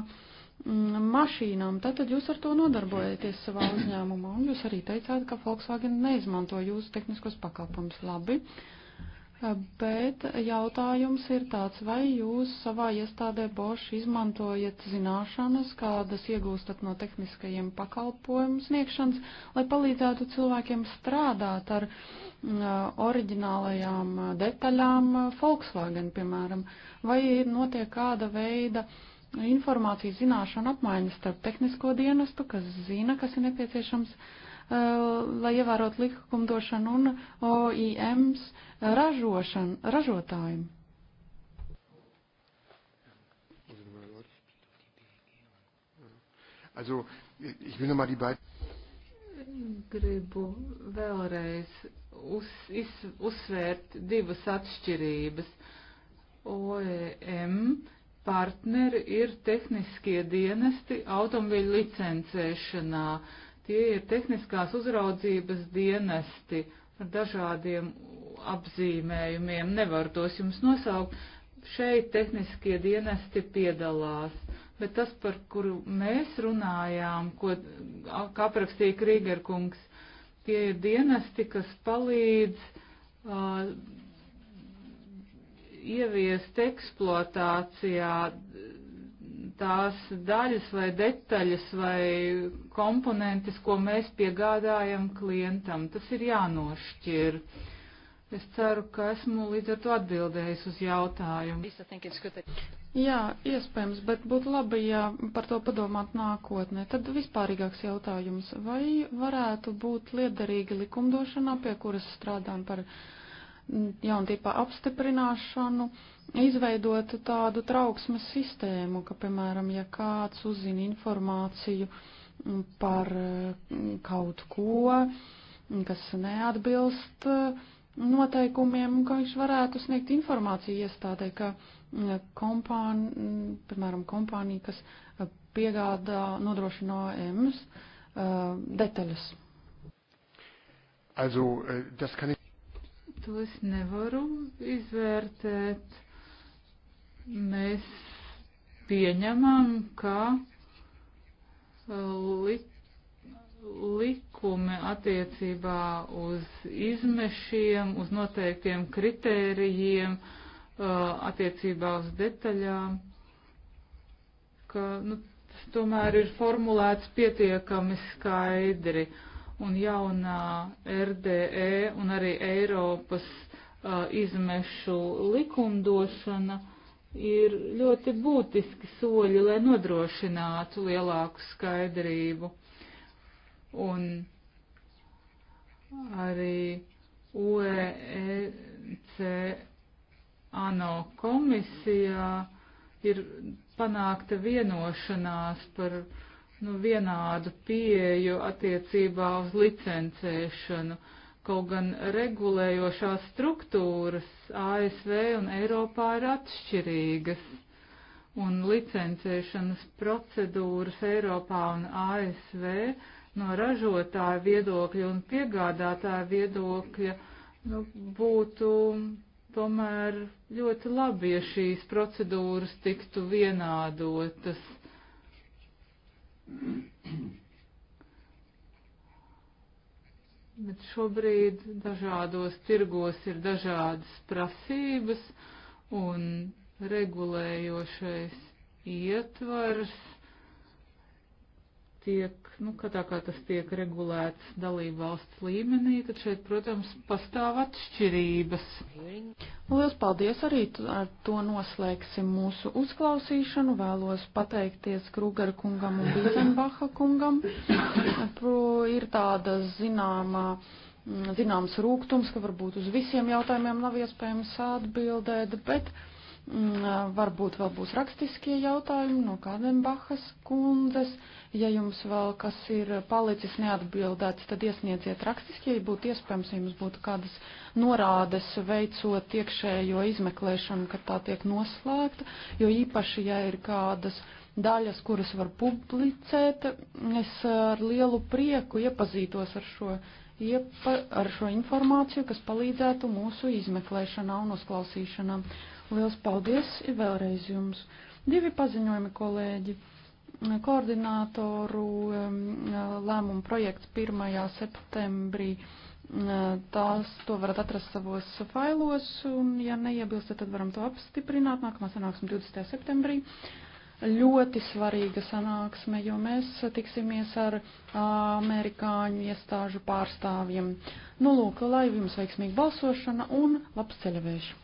mm, mašīnām. Tātad jūs ar to nodarbojaties savā uzņēmumā, un jūs arī teicāt, ka Volkswagen neizmanto jūsu tehniskos pakalpojumus. Labi. Uh, bet jautājums ir tāds, vai jūs savā iestādē Bosch izmantojat zināšanas, kādas iegūstat no tehniskajiem pakalpojumu sniegšanas, lai palīdzētu cilvēkiem strādāt ar mm, oriģinālajām detaļām Volkswagen, piemēram, vai ir notiek kāda veida informācijas zināšana apmaiņas starp tehnisko dienestu, kas zina, kas ir nepieciešams Uh, lai ievērotu likumdošanu un OIMs ražošanu, ražotājiem. Also, ich will nochmal die beiden. Gribu vēlreiz uz, iz, uzsvērt divas atšķirības. OEM partneri ir tehniskie dienesti automobiļu licencēšanā. Uh, Tie ir tehniskās uzraudzības dienesti ar dažādiem apzīmējumiem. Nevar tos jums nosaukt. Šeit tehniskie dienesti piedalās, bet tas, par kuru mēs runājām, ko aprakstīja Krīgerkungs, tie ir dienesti, kas palīdz uh, ieviest eksploatācijā tās daļas vai detaļas vai komponentes, ko mēs piegādājam klientam. Tas ir jānošķir. Es ceru, ka esmu līdz ar to atbildējis uz jautājumu. Jā, iespējams, bet būtu labi, ja par to padomāt nākotnē. Tad vispārīgāks jautājums. Vai varētu būt liederīgi likumdošanā, pie kuras strādājam par jauntīpā apstiprināšanu? Uh, izveidot tādu trauksmes sistēmu, ka, piemēram, ja kāds uzzina informāciju par mm, kaut ko, kas neatbilst mm, noteikumiem, ka viņš varētu sniegt informāciju iestādē, ka mm, kompāni, piemēram, kompānija, kas piegādā, nodrošina OMS e detaļas. Also, äh, das kann ich... To es nevaru izvērtēt mēs pieņemam, ka uh, li, likumi attiecībā uz izmešiem, uz noteiktiem kritērijiem, uh, attiecībā uz detaļām, ka nu, tas tomēr ir formulēts pietiekami skaidri. Un jaunā RDE un arī Eiropas uh, izmešu likumdošana uh, ir ļoti būtiski soļi, lai nodrošinātu lielāku skaidrību. Un arī UEC ANO komisijā ir panākta vienošanās par nu, vienādu pieeju attiecībā uz licencēšanu. Uh, Kaut gan regulējošās struktūras ASV un Eiropā ir atšķirīgas, un licencēšanas procedūras Eiropā un ASV no ražotāja viedokļa un piegādātāja viedokļa nu, būtu tomēr ļoti labi, ja šīs procedūras tiktu vienādotas. bet šobrīd dažādos tirgos ir dažādas prasības un regulējošais ietvars tiek, nu, ka tā kā tas tiek regulēts dalību valsts līmenī, tad šeit, protams, pastāv atšķirības. Lielas paldies arī ar to noslēgsim mūsu uzklausīšanu. Vēlos pateikties Krugara kungam un Bīzenbaha kungam. Pro ir tāda zināmā zināms rūgtums, ka varbūt uz visiem jautājumiem nav iespējams atbildēt, bet Mm, varbūt vēl būs rakstiskie jautājumi no Kādenbachas kundzes. Ja jums vēl kas ir palicis neatbildēts, tad iesniedziet rakstiskie, ja būtu iespējams, ja jums būtu kādas norādes veicot iekšējo izmeklēšanu, kad tā tiek noslēgta, jo īpaši, ja ir kādas daļas, kuras var publicēt, es ar lielu prieku iepazītos ar šo iepa, ar šo informāciju, kas palīdzētu mūsu izmeklēšanā un uzklausīšanā. Liels paldies vēlreiz jums. Divi paziņojumi, kolēģi. Koordinātoru um, lēmumu projekts 1. septembrī. Uh, tās to varat atrast savos failos, un ja neiebilstat, tad varam to apstiprināt. Nākamā sanāksme 20. septembrī ļoti svarīga sanāksme, jo mēs tiksimies ar amerikāņu iestāžu pārstāvjiem. Nu, lūk, lai jums veiksmīga balsošana un labs ceļavēšana!